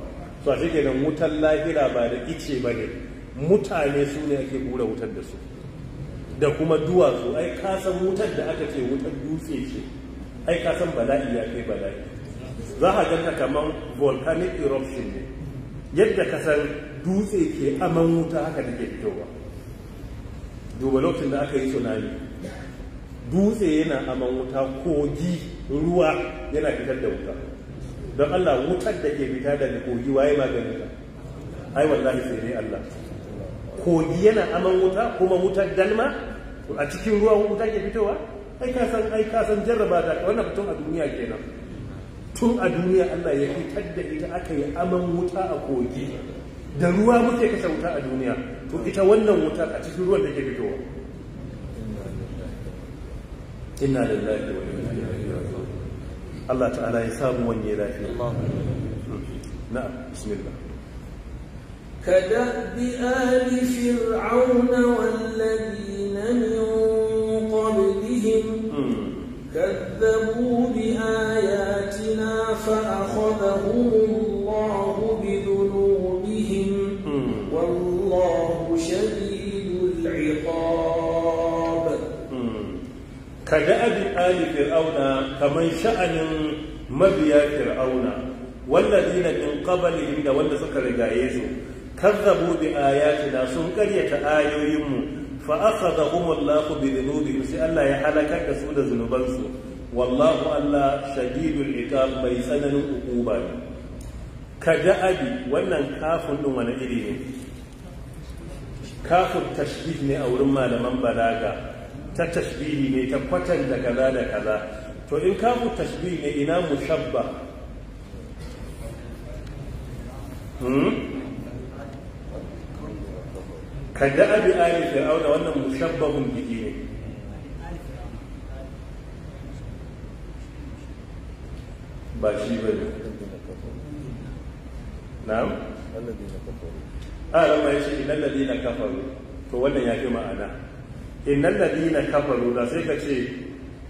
su a nan wutan lahira ba da ice ba ne mutane su ne ake ƙura wutar da su da kuma duwatsu ai ka san wutar da aka ce wutar dutse ce ai ka san bala'i ya kai bala'i za a ganta kamar volcanic eruption ne yadda ka san dutse ke aman wuta haka take fitowa duba lokacin da aka yi tsunami dutse yana aman wuta kogi ruwa yana fitar da wuta don Allah wutar da ke fita daga kogi waye ma gani ta ai wallahi sai dai Allah kogi yana aman wuta kuma wutar dalma a cikin ruwa wuta ke fitowa ai ka san ai ka san jarraba ta wannan fitun a duniya kenan tun a duniya Allah ya fitar da ita aka yi aman wuta a kogi da ruwa muke kashe wuta a duniya to ita wannan wuta a cikin ruwan da ke fitowa inna lillahi wa inna ilaihi Allah ta'ala ya samu wani lafiya na'am bismillah كدأب آل فرعون والذين من قبلهم hmm. كذبوا بآياتنا فأخذهم ka da abi ali fir'auna kamar sha'anin mabiya fir'auna walladina min kabali da wanda suka rigaye su kazzabu bi ayatina sun karyata ayoyinmu fa akhadhahum Allahu bi dhunubihim sai Allah ya halakar da su da zunubansu wallahu Allah shadidul iqab bai tsananin uku ne ka abi. wannan kafin din wani iri ne kafin tashbih ne a wurin malaman balaga ta tashbihi ne ta kwatan da kaza da kaza to in kamu tashbihi ne ina mushabba hmm? kada abi ali fir'auna wannan mushabbahun bihi ne ba shi ba ne na'am alladina kafaru a ah, lamma yace innal ladina kafaru to wannan ya fi ma'ana innal ladina kafaru da sai ka ce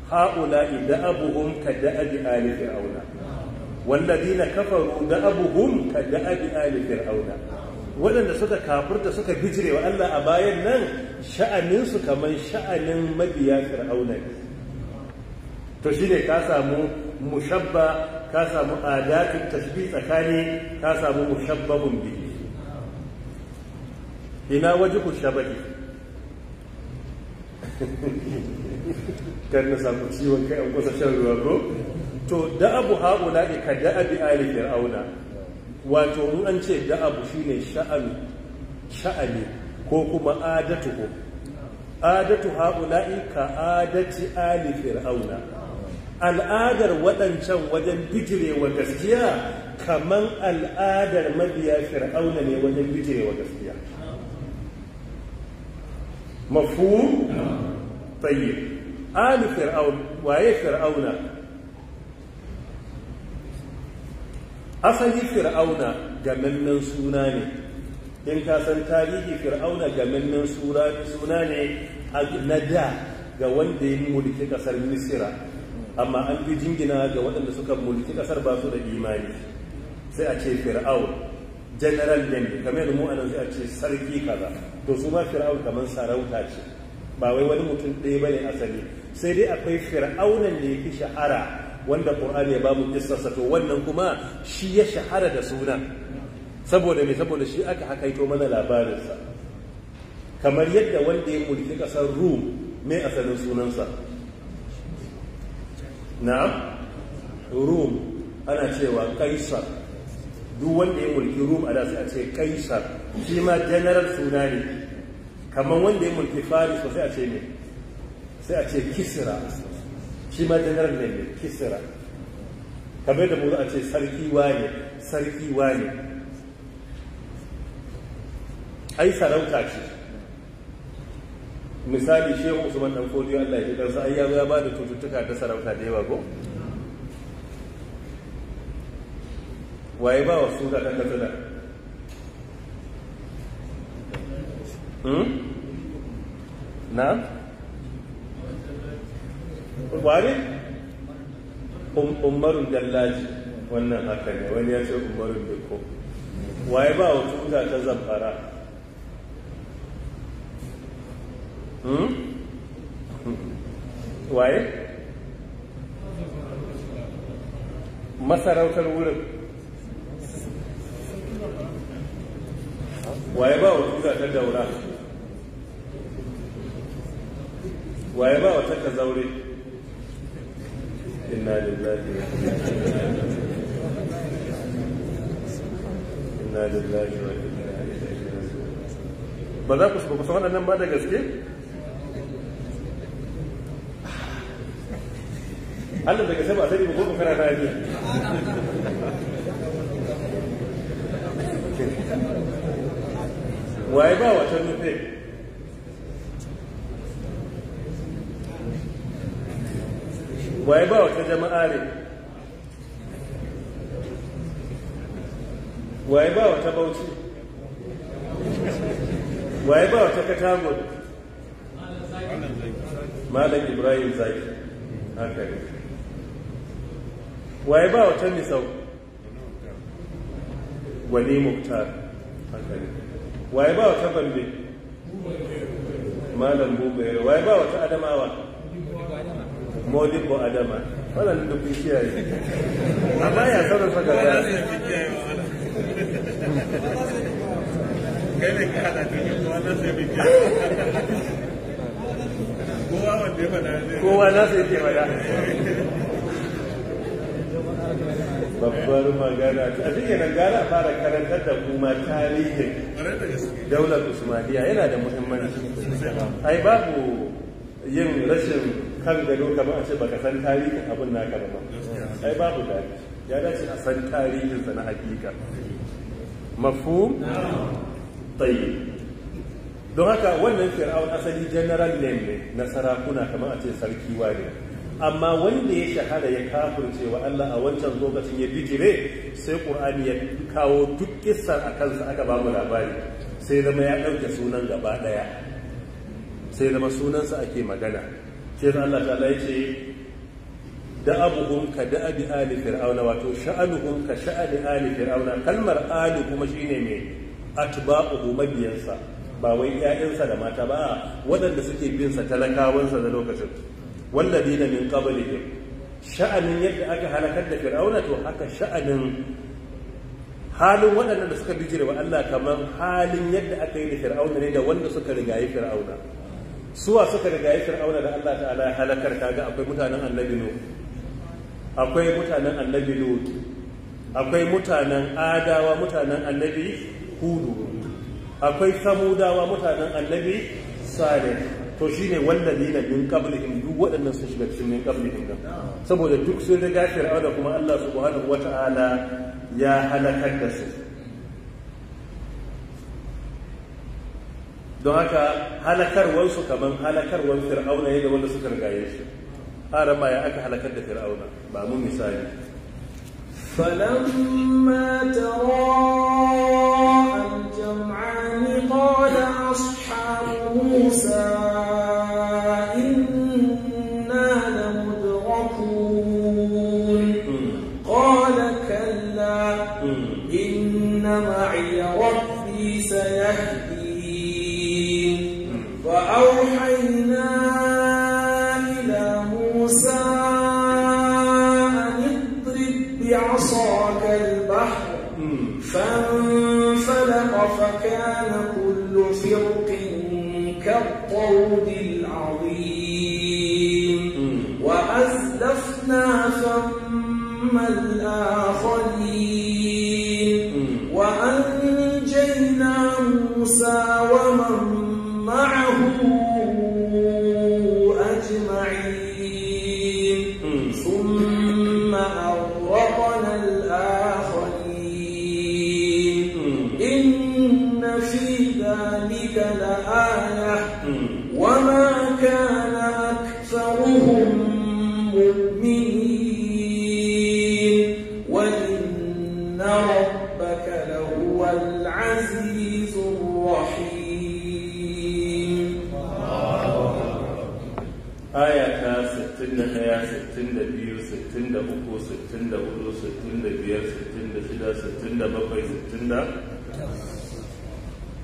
haula ida'abuhum kada'abi ali fir'auna wal ladina kafaru da kada'abi ali fir'auna waɗanda suka kafurta suka bijire wa Allah a bayan nan sha'anin su kamar sha'anin mabiya fir'auna to shine ka samu mushabba ka samu adatun tashbih tsakani ka samu mushabbabun bihi ina wajibu shabahi kan na samu ciwon kai an kusa shan ruwa ko to da abu haula ka da abi ali fir'auna wato mun an ce da abu shine sha'ani sha'ani ko kuma ko. adatu haula'i ka adati ali fir'auna al'adar waɗancan wajen bijirewa gaskiya kaman al'adar mabiya fir'auna ne wajen bijirewa gaskiya mafu tayyib alu fir'aun waye fir'auna asali fir'auna gamannen suna ne in ka san tarihi fir'auna gamannen suna ne na da ga wanda ya mulki kasar misira amma an fi jingina ga waɗanda suka mulki kasar ba su da imani sai a ce fir'aun general ne kamar mu anan sai a ce sarki kaza to su ma fir'aun kamar sarauta ce ba wai wani mutum ɗaya ba bane asali sai dai akwai fir'aunan da fi shahara wanda ƙur'ani ya bamu kissarsa to wannan kuma shi ya shahara da suna saboda me saboda shi aka hakaito mana labarinsa kamar yadda wanda ya mulki ƙasar rum mai asalin sunansa na rum ana cewa kaisar duk wanda ya mulki rum a da sai a ce kaisar shi ma general suna ne kamar wanda ya mulki faris ba sai a ce ne sai a ce kisra shi ma janar ne ne kisra kamar da mu za a ce sarki wane sarki wane ai sarauta ce misali shehu usman dan kodi Allah ya dan sa ai ya ga ba da cututtuka ta sarauta da yawa ko waye ba wasu da ta katsina Hmm? نعم ware um, umarun dallaji wannan haka ne wani ya ce umarun beko waye ba wa tuta ta zamfara hmm? waye masarautar wurin waye ba wa tuta ta daura waye ba wata ka zaure inna lillahi inna lillahi wa inna ilaihi raji'un ba za ku san waɗannan ba da gaske Allah daga sai ba sani ba ko kana ta waye ba wata nufi waye ba wata jama'a ne waye ba wata bauchi waye ba wata katago malam ibrahim zaki haka ne waye ba wata misau wani muktar haka ne waye ba wata bambe malam bubayar waye ba wata adamawa modibo adama waɗanda da kun kiyaye amma ya sauran saka ba kai ne ka hada tun yin kowa bi kowa wanda ya fada ne kowa na sai ke fada babbar magana a cikin yana gara fara karantar da kuma tarihin daular usmaniya yana da muhimmanci ai babu yin rashin kan gado kamar a ce baka san tarihin abin naka ba ai babu daɗi ya dace a san tarihinsa na hakika mafu tayi don haka wannan fir'aun asali general name ne na sarakuna kamar a ce sarki ware amma wanda ya shahara ya kafirce wa Allah a wancan lokacin ya bijire sai Qur'ani ya kawo duk kissar a kansa aka ba labari sai zama ya ɗauke sunan gaba ɗaya sai zama sunansa ake magana shi yasa Allah ta'ala yace da'abuhum ka abi ali fir'auna wato sha'anuhum ka sha'ali ali fir'auna kalmar ali kuma shine mai atba'u mabiyansa ba wai 'ya'yansa da mata ba waɗanda suke bin sa talakawansa da lokacin walladina min qablihim sha'anin yadda aka halakar da fir'auna to haka sha'anin halin waɗanda suka bijire wa Allah kamar halin yadda aka yi da fir'auna ne da wanda suka rigayi fir'auna suwa suka riga yi fir'auna da Allah ta'ala ya halakar ga akwai mutanen annabi no akwai mutanen annabi lut akwai mutanen adawa mutanen annabi hudu akwai samudawa mutanen annabi sare to shine bin min qablihim duk waɗannan sun shiga cikin min qablihim saboda duk sun riga fir'auna kuma Allah subhanahu wata'ala ya halakar da su don haka halakarwansu kamar halakarwan fir'auna ne da wanda suka rigaye shi haram ya aka halakar da fir'auna ba mu misali فلما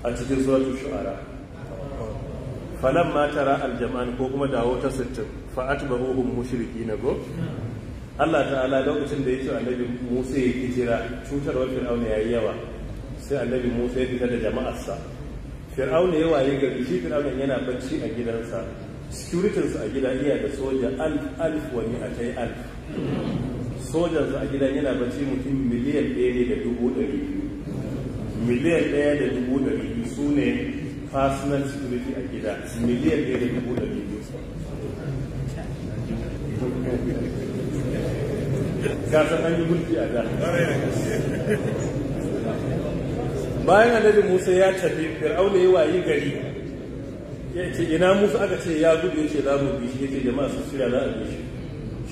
a cikin suratu shu'ara falan ma tara jama'an ko kuma dawo ta sittin fa'at ba uhun mushriki na go Allah ta'ala lokacin da ya ce annabi Musa ya hijira cutarwar Fir'auna ya yi yawa sai annabi Musa ya fita da jama'arsa Fir'auna ya waye gari shi Fir'auna yana bacci a gidansa sikuritinsu a gida iya da soja alf alf wani a yi alf sojan su a gidan yana bacci mutum miliyan ɗaya ne da dubu ɗari biyu miliyan ɗaya da dubu ɗari biyu su ne personal security a gida miliyan ɗaya da dubu ɗari biyu gasar an yi mulki a da bayan annabi musa ya tafi fir'auna ya wayi gari ya ce ina musa aka ce ya gudu ya ce za mu bi ya ce jama'a su shirya za a shi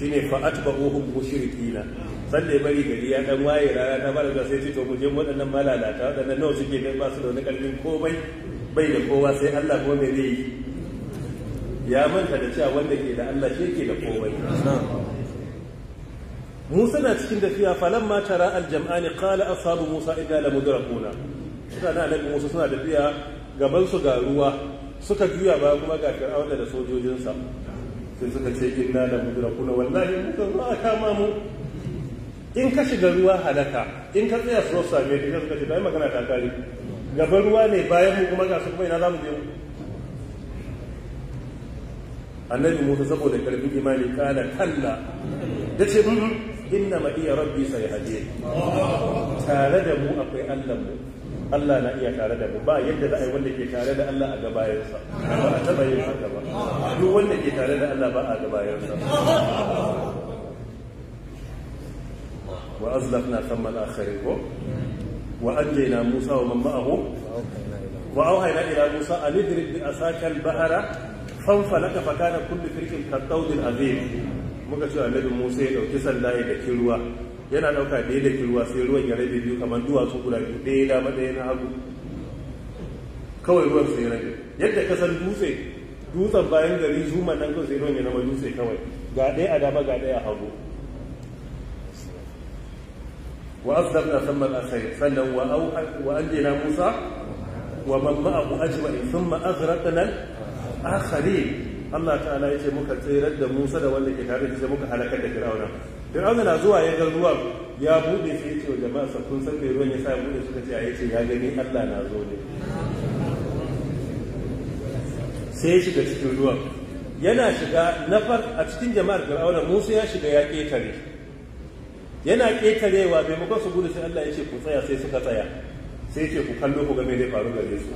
shine fa atba'uhum mushrikina sanda ya bari gari ya dan waye rana ta bar zuwa sai ce to guje waɗannan malalata wadannan nawa suke dan ba da wani ƙarfin komai bai da kowa sai Allah ko me zai yi ya manta da cewa wanda ke da Allah shi ke da komai Musa na cikin tafiya falan ma tara aljam'ani qala ashabu Musa idza la mudrakuna suka na annabi Musa suna da tafiya gaban su ga ruwa suka juya ba kuma ga Fir'auna da sojojinsa sai suka ce inna da kuna wallahi muka ruwa kama mu in ka shiga ruwa halaka in ka tsaya su same ka suka ce bayan magana ta kare gaba ruwa ne bayan mu kuma ga su kuma ina za mu je annabi musa saboda karfin imani kala kalla da ce inna ma iya rabbi sai hadiye tare da mu akwai allah mu Allah na iya tare da mu ba yadda za a yi wanda ke tare da Allah a gabayarsa ba a taɓa yin haka ba duk wanda ke tare da Allah ba a gabayarsa wa azlafna thamma al-akhirin ko wa ajjayna Musa wa man ma'ahu wa awhayna ila Musa an idrib bi asaka al-bahra fanfalaka fa kana kullu firqin kadawdin azim muka ce annabi Musa ya dauki sanda da daki ruwa yana ɗauka da yadda ke ruwa sai ruwan ya rabe biyu kamar duwatsu guda biyu ɗaya dama ɗaya na hagu kawai ruwan sai rabe yadda ka san dutse dutsen bayan gari zuma nan kawai sai ruwan ya nama dutse kawai ga ɗaya a dama ga ɗaya a hagu wa asdaqna na al asai sannan wa wa anjina musa wa man ma'ahu sun thumma nan a akharin Allah ta'ala ce muka tsirar da Musa da wanda ke tare da shi muka halakar da Fir'auna fir'auna na zuwa ya ga ruwan ya bude sai ya ce wa jama'a sa kun san ruwan ya sa bude suka ce a yace ya gani Allah na zo ne sai ya shiga cikin ruwan yana shiga na far a cikin jama'ar fir'auna Musa ya shiga ya ƙetare yana ketarewa maimakon su gudu sai Allah ya ce ku tsaya sai suka tsaya sai ce ku kallo ku ga me zai faru gare su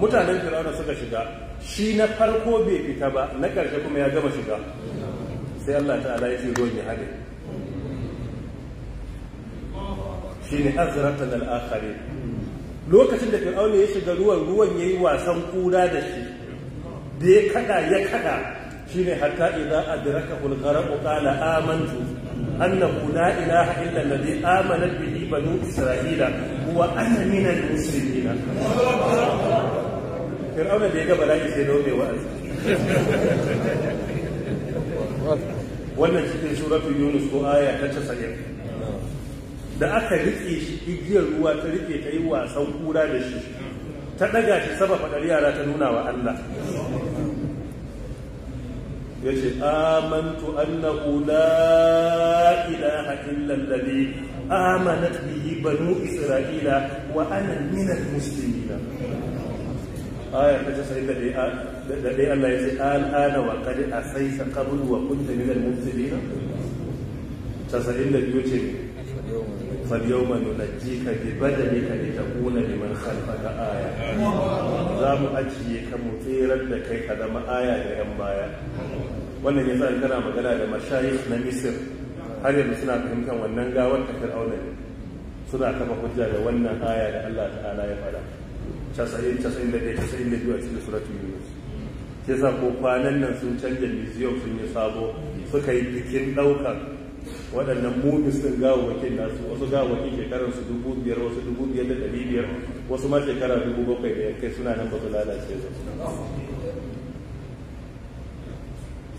mutanen fir'auna suka shiga shi na farko bai fita ba na ƙarshe kuma ya gama shiga sai Allah ta'ala ya ce ruwan ya hade shine azratan al-akharin lokacin da fir'auna ya shiga ruwan ruwan ya yi wasan kura da shi da ya kada ya kada shine hatta idza adrakahu al-gharq amantu annahu la ilaha illa alladhi amana bihi banu isra'ila huwa ana min al-muslimin fir'auna da ya ga bala'i sai dole wa'azi wannan cikin suratun yunus ko aya ta 90 da aka riƙe shi igiyar ruwa ta riƙe ta yi wasan kura da shi ta ɗaga shi saba faɗar yara ta nuna wa Allah ya ce amantu annahu la ilaha illa amanat bihi banu isra'ila wa ana minal muslimina aya ta casa'in da ɗaya Allah ya ce al'ana wa kadi a sai sa kabul wa kunta min al-mubtilina casa'in da biyu ce فاليوم ننجيك ببدنك لتكون لمن خلفك آية زام أجي كمثيرا لكي كذا آية لأم بايا wannan ya sa kana magana da mashayi na misir har yanzu suna fahimtar wannan gawar ta fir'auna ne suna kafa hujja da wannan aya da Allah ta'ala ya faɗa casa'in casa'in da ɗaya casa'in da biyu a cikin suratun yunus sai sa ko kwanan nan sun canja museum sun yi sabo suka yi bikin ɗaukar waɗannan mumis ɗin gawawakin nasu wasu gawawakin shekarar su dubu biyar wasu dubu biyar da ɗari biyar wasu ma shekara dubu bakwai da yankai suna nan ba su lalace ba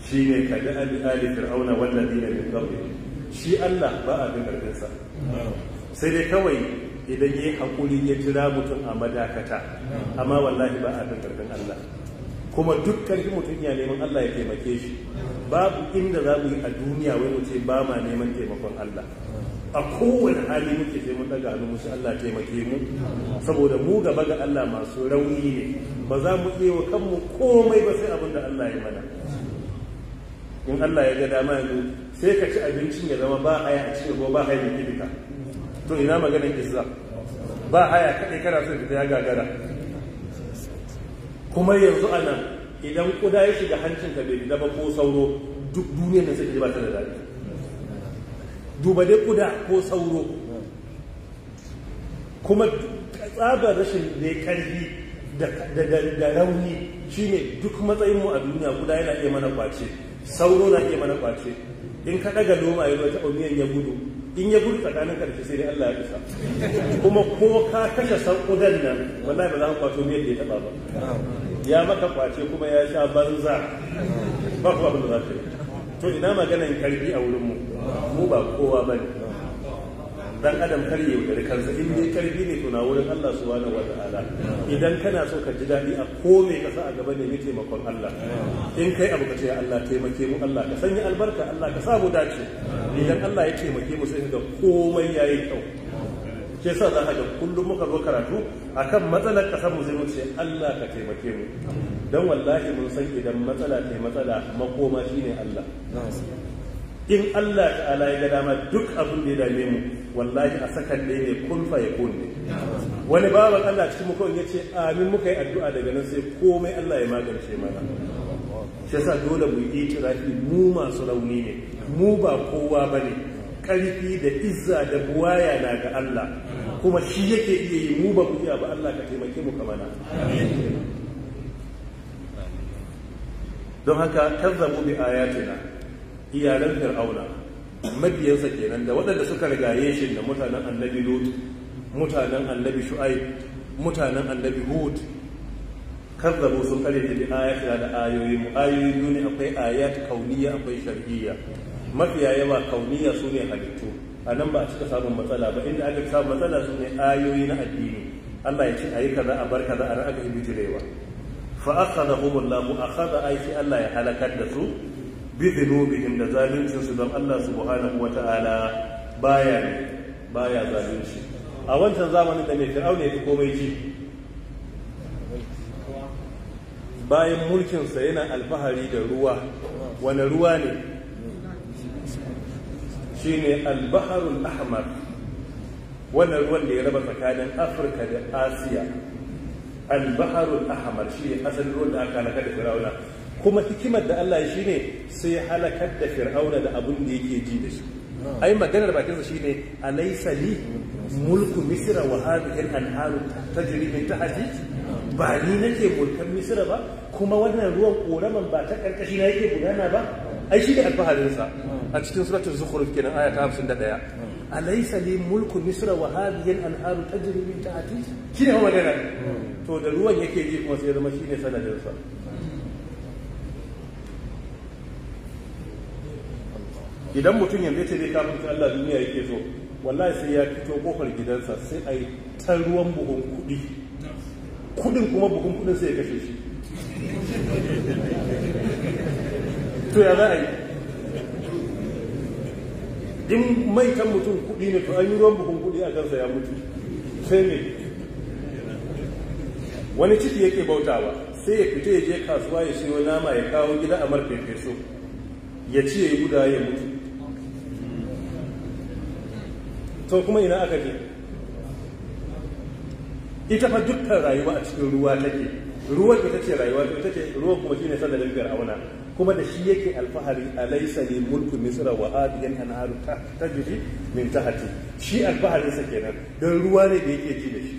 shi ne ka ga abi ali fir'auna wannan dina min qabli shi Allah ba a bin sa. sai dai kawai idan ya haƙuri ya jira mutum a madakata amma wallahi ba a ƙarƙarfin Allah kuma duk ƙarfi mutum ya neman Allah ya taimake shi babu inda za mu yi a duniya wai mu ba ma neman taimakon Allah a kowane hali muke sai mun daga hannu musu Allah taimake mu saboda mu gaba ga Allah masu rauni ne ba za mu iya wa kanmu komai ba sai abin da Allah ya mana in Allah ya ga dama yanzu sai ka ci abincin ya zama ba a yi a cikin ba yi da kibika to ina maganin isa ba haya kaɗai kana son fita ya gagara kuma yanzu a nan idan kuda ya shiga hancin ka bai fita ba ko sauro duk duniyar da sai ba ta da daɗi duba dai kuda ko sauro kuma tsabar rashin da ya karfi da rauni shine duk matsayin mu a duniya kuda yana iya mana kwace sauro na iya mana kwace in ka daga loma ya ta miyan ya gudu in ya gudu tsakanin karshe sai dai Allah ya isa kuma ko ka kashe sankudan nan wallahi ba za ka kwato me ya taba ba ya maka kwace kuma ya sha banza ba ku abin da za ka yi to ina maganan karfi a wurin mu mu ba kowa bane dan adam kar ya yaudari kansa in dai karfi ne to na wurin Allah subhanahu wataala idan kana so ka ji dadi a kome ka sa a gaba ne taimakon Allah in kai abu ka ce Allah taimake mu Allah ka sanya albarka Allah ka mu dace idan Allah ya taimake mu sai ga komai yayi kyau ke sa za ka ga kullum muka zo karatu akan matsalar kasar mu zai wuce Allah ka taimake mu dan wallahi mun san idan matsala ta matsala makoma shine Allah in Allah ta'ala ya ga dama duk abin da ya dame mu wallahi a sakan ɗaya ne kun ya kone wani baban Allah cikin mu ya ce amin muka yi addu'a daga nan sai komai Allah ya magance mana shi yasa dole mu yi itirafi mu masu rauni ne mu ba kowa bane karfi da izza da buwaya na ga Allah kuma shi yake iya yi mu ba ku iya ba Allah ka taimake mu kamana don haka kazzabu bi ayatina iyalan fir'auna mabiyansa kenan da waɗanda suka rigaye shi da mutanen annabi lut mutanen annabi shu'aib mutanen annabi hud kazzabu sun kare da bi da ayoyi mu ayoyi ne akwai ayat kauniya akwai shar'iyya mafiya yawa kauniya su ne halittu a nan ba a cika samun matsala ba inda aka samun matsala su ne ayoyi na addini Allah ya ce a yi kaza a bar kaza a ran aka yi bijirewa fa akhadahum a akhadha aiki Allah ya halakar da su bi dhunubihim da zaluncinsu su don Allah subhanahu ta'ala baya ne baya zalunci a wancan zamanin da mai fir'auna ya komai ji bayan mulkinsa yana alfahari da ruwa wani ruwa ne shi ne albaharul ahmar wannan ruwan da ya raba tsakanin afirka da asiya albaharul ahmar shi ne asalin ruwan da aka naka da firauna kuma hikimar da Allah ya ne sai halakar da fir'auna da abun da yake ji da shi ai maganar bakinsa shine alaysa li mulku misra wa hadhihi al-anharu tajri min tahti ba ni nake mulkan misra ba kuma wannan ruwan koraman ba ta karkashi na yake gudana ba ai shi da alfaharin sa a cikin suratul zukhruf kenan aya ta 51 alaysa li mulku misra wa hadhihi al-anharu tajri min tahti ne wannan to da ruwan yake ji kuma sai ya zama shine sanadin sa idan mutum yanzu ce zai kafin Allah duniya yake so wallahi sai ya fito kofar gidansa sai a yi ta ruwan buhun kuɗi kuɗin kuma buhun kuɗin sai ya kashe shi to ya za a yi in mai kan mutum kuɗi ne to an yi ruwan buhun kuɗi a kansa ya mutu sai me wani ciki yake bautawa sai ya fita ya je kasuwa ya siyo nama ya kawo gida a marfefe so ya ci ya yi guda ya mutu sau kuma ina aka je ita fa dukkan rayuwa a cikin ruwa take ruwan ita ce rayuwa ita ce ruwa kuma shine sanadin fir'auna kuma da shi yake alfahari alaysa li mulku misra wa adiyan anharu tajri min tahti shi alfahari sa kenan dan ruwa ne da yake ji da shi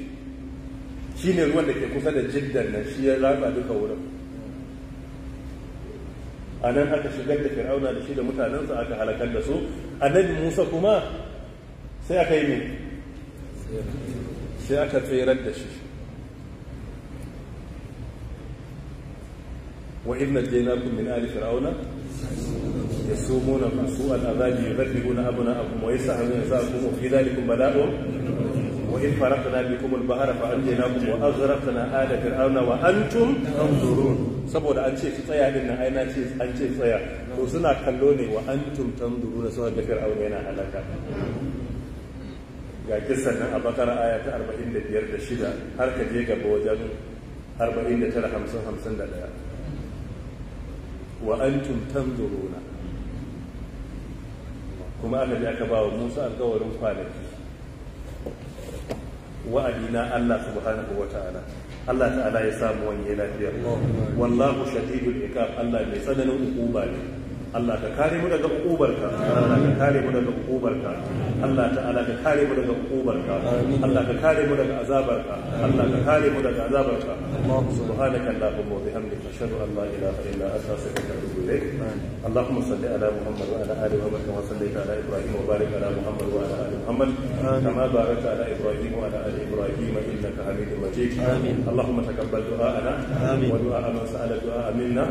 shine ruwan da ke kusa da jiddan nan shi ya rafa duka wurin a nan aka shigar da fir'auna da shi da mutanensa aka halakar da su annabi musa kuma sai aka yi mai sai aka tserar da shi wa idna jainakum min ali fir'auna yasumuna su'a al'azabi yubaddiluna abna'akum wa yasahuna yasakum fi dhalikum bala'un wa in faraqna bikum al-bahra fa anjaynakum wa aghraqna ala fir'auna wa antum tanzurun saboda an ce tsaya din nan ai na ce an ce tsaya to suna kallo ne wa antum tanzuruna saboda fir'auna yana halaka ga kisan nan a bakara aya ta 45 da shida har ka je gaba wajen 49 hamsin hamsin da ɗaya wa antum tanzuruna kuma aka je aka ba wa musa alkawarin kwanaki wa'adi na allah subhanahu wa ta'ala allah ta'ala ya samu wani yana lafiya wallahu shadidul iqab allah mai tsananin hukuma ne Allah ka kare mu daga ukubarka Allah ka kare mu daga ukubarka Allah ta'ala ka kare mu daga ukubarka Allah ka kare mu daga azabarka Allah ka kare mu daga azabarka subhanaka allahumma wa bihamdika ashhadu an la ilaha illa anta astaghfiruka wa atubu ilayk اللهم صل على محمد وعلى ال محمد كما صليت على ابراهيم وبارك على محمد وعلى ال ala Ali باركت على ابراهيم وعلى ال ابراهيم انك حميد مجيد اللهم تقبل دعاءنا ودعاء من سال دعاء منا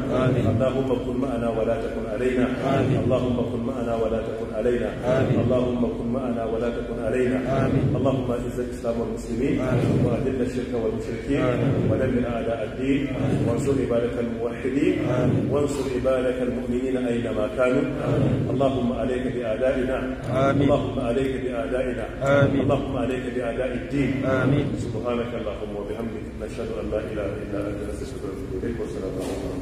اللهم كن معنا ولا تكن علينا هدينا آمين. اللهم كن معنا ولا تكن علينا آمين. اللهم كن معنا ولا تكن علينا آمين. اللهم اعز الاسلام والمسلمين واذل الشرك والمشركين ودمر اعداء الدين وانصر عبادك الموحدين وانصر عبادك المؤمنين اينما كانوا اللهم عليك باعدائنا اللهم عليك باعدائنا اللهم عليك باعداء الدين سبحانك اللهم وبحمدك نشهد ان لا اله الا انت نستغفرك ونتوب اليك والسلام عليكم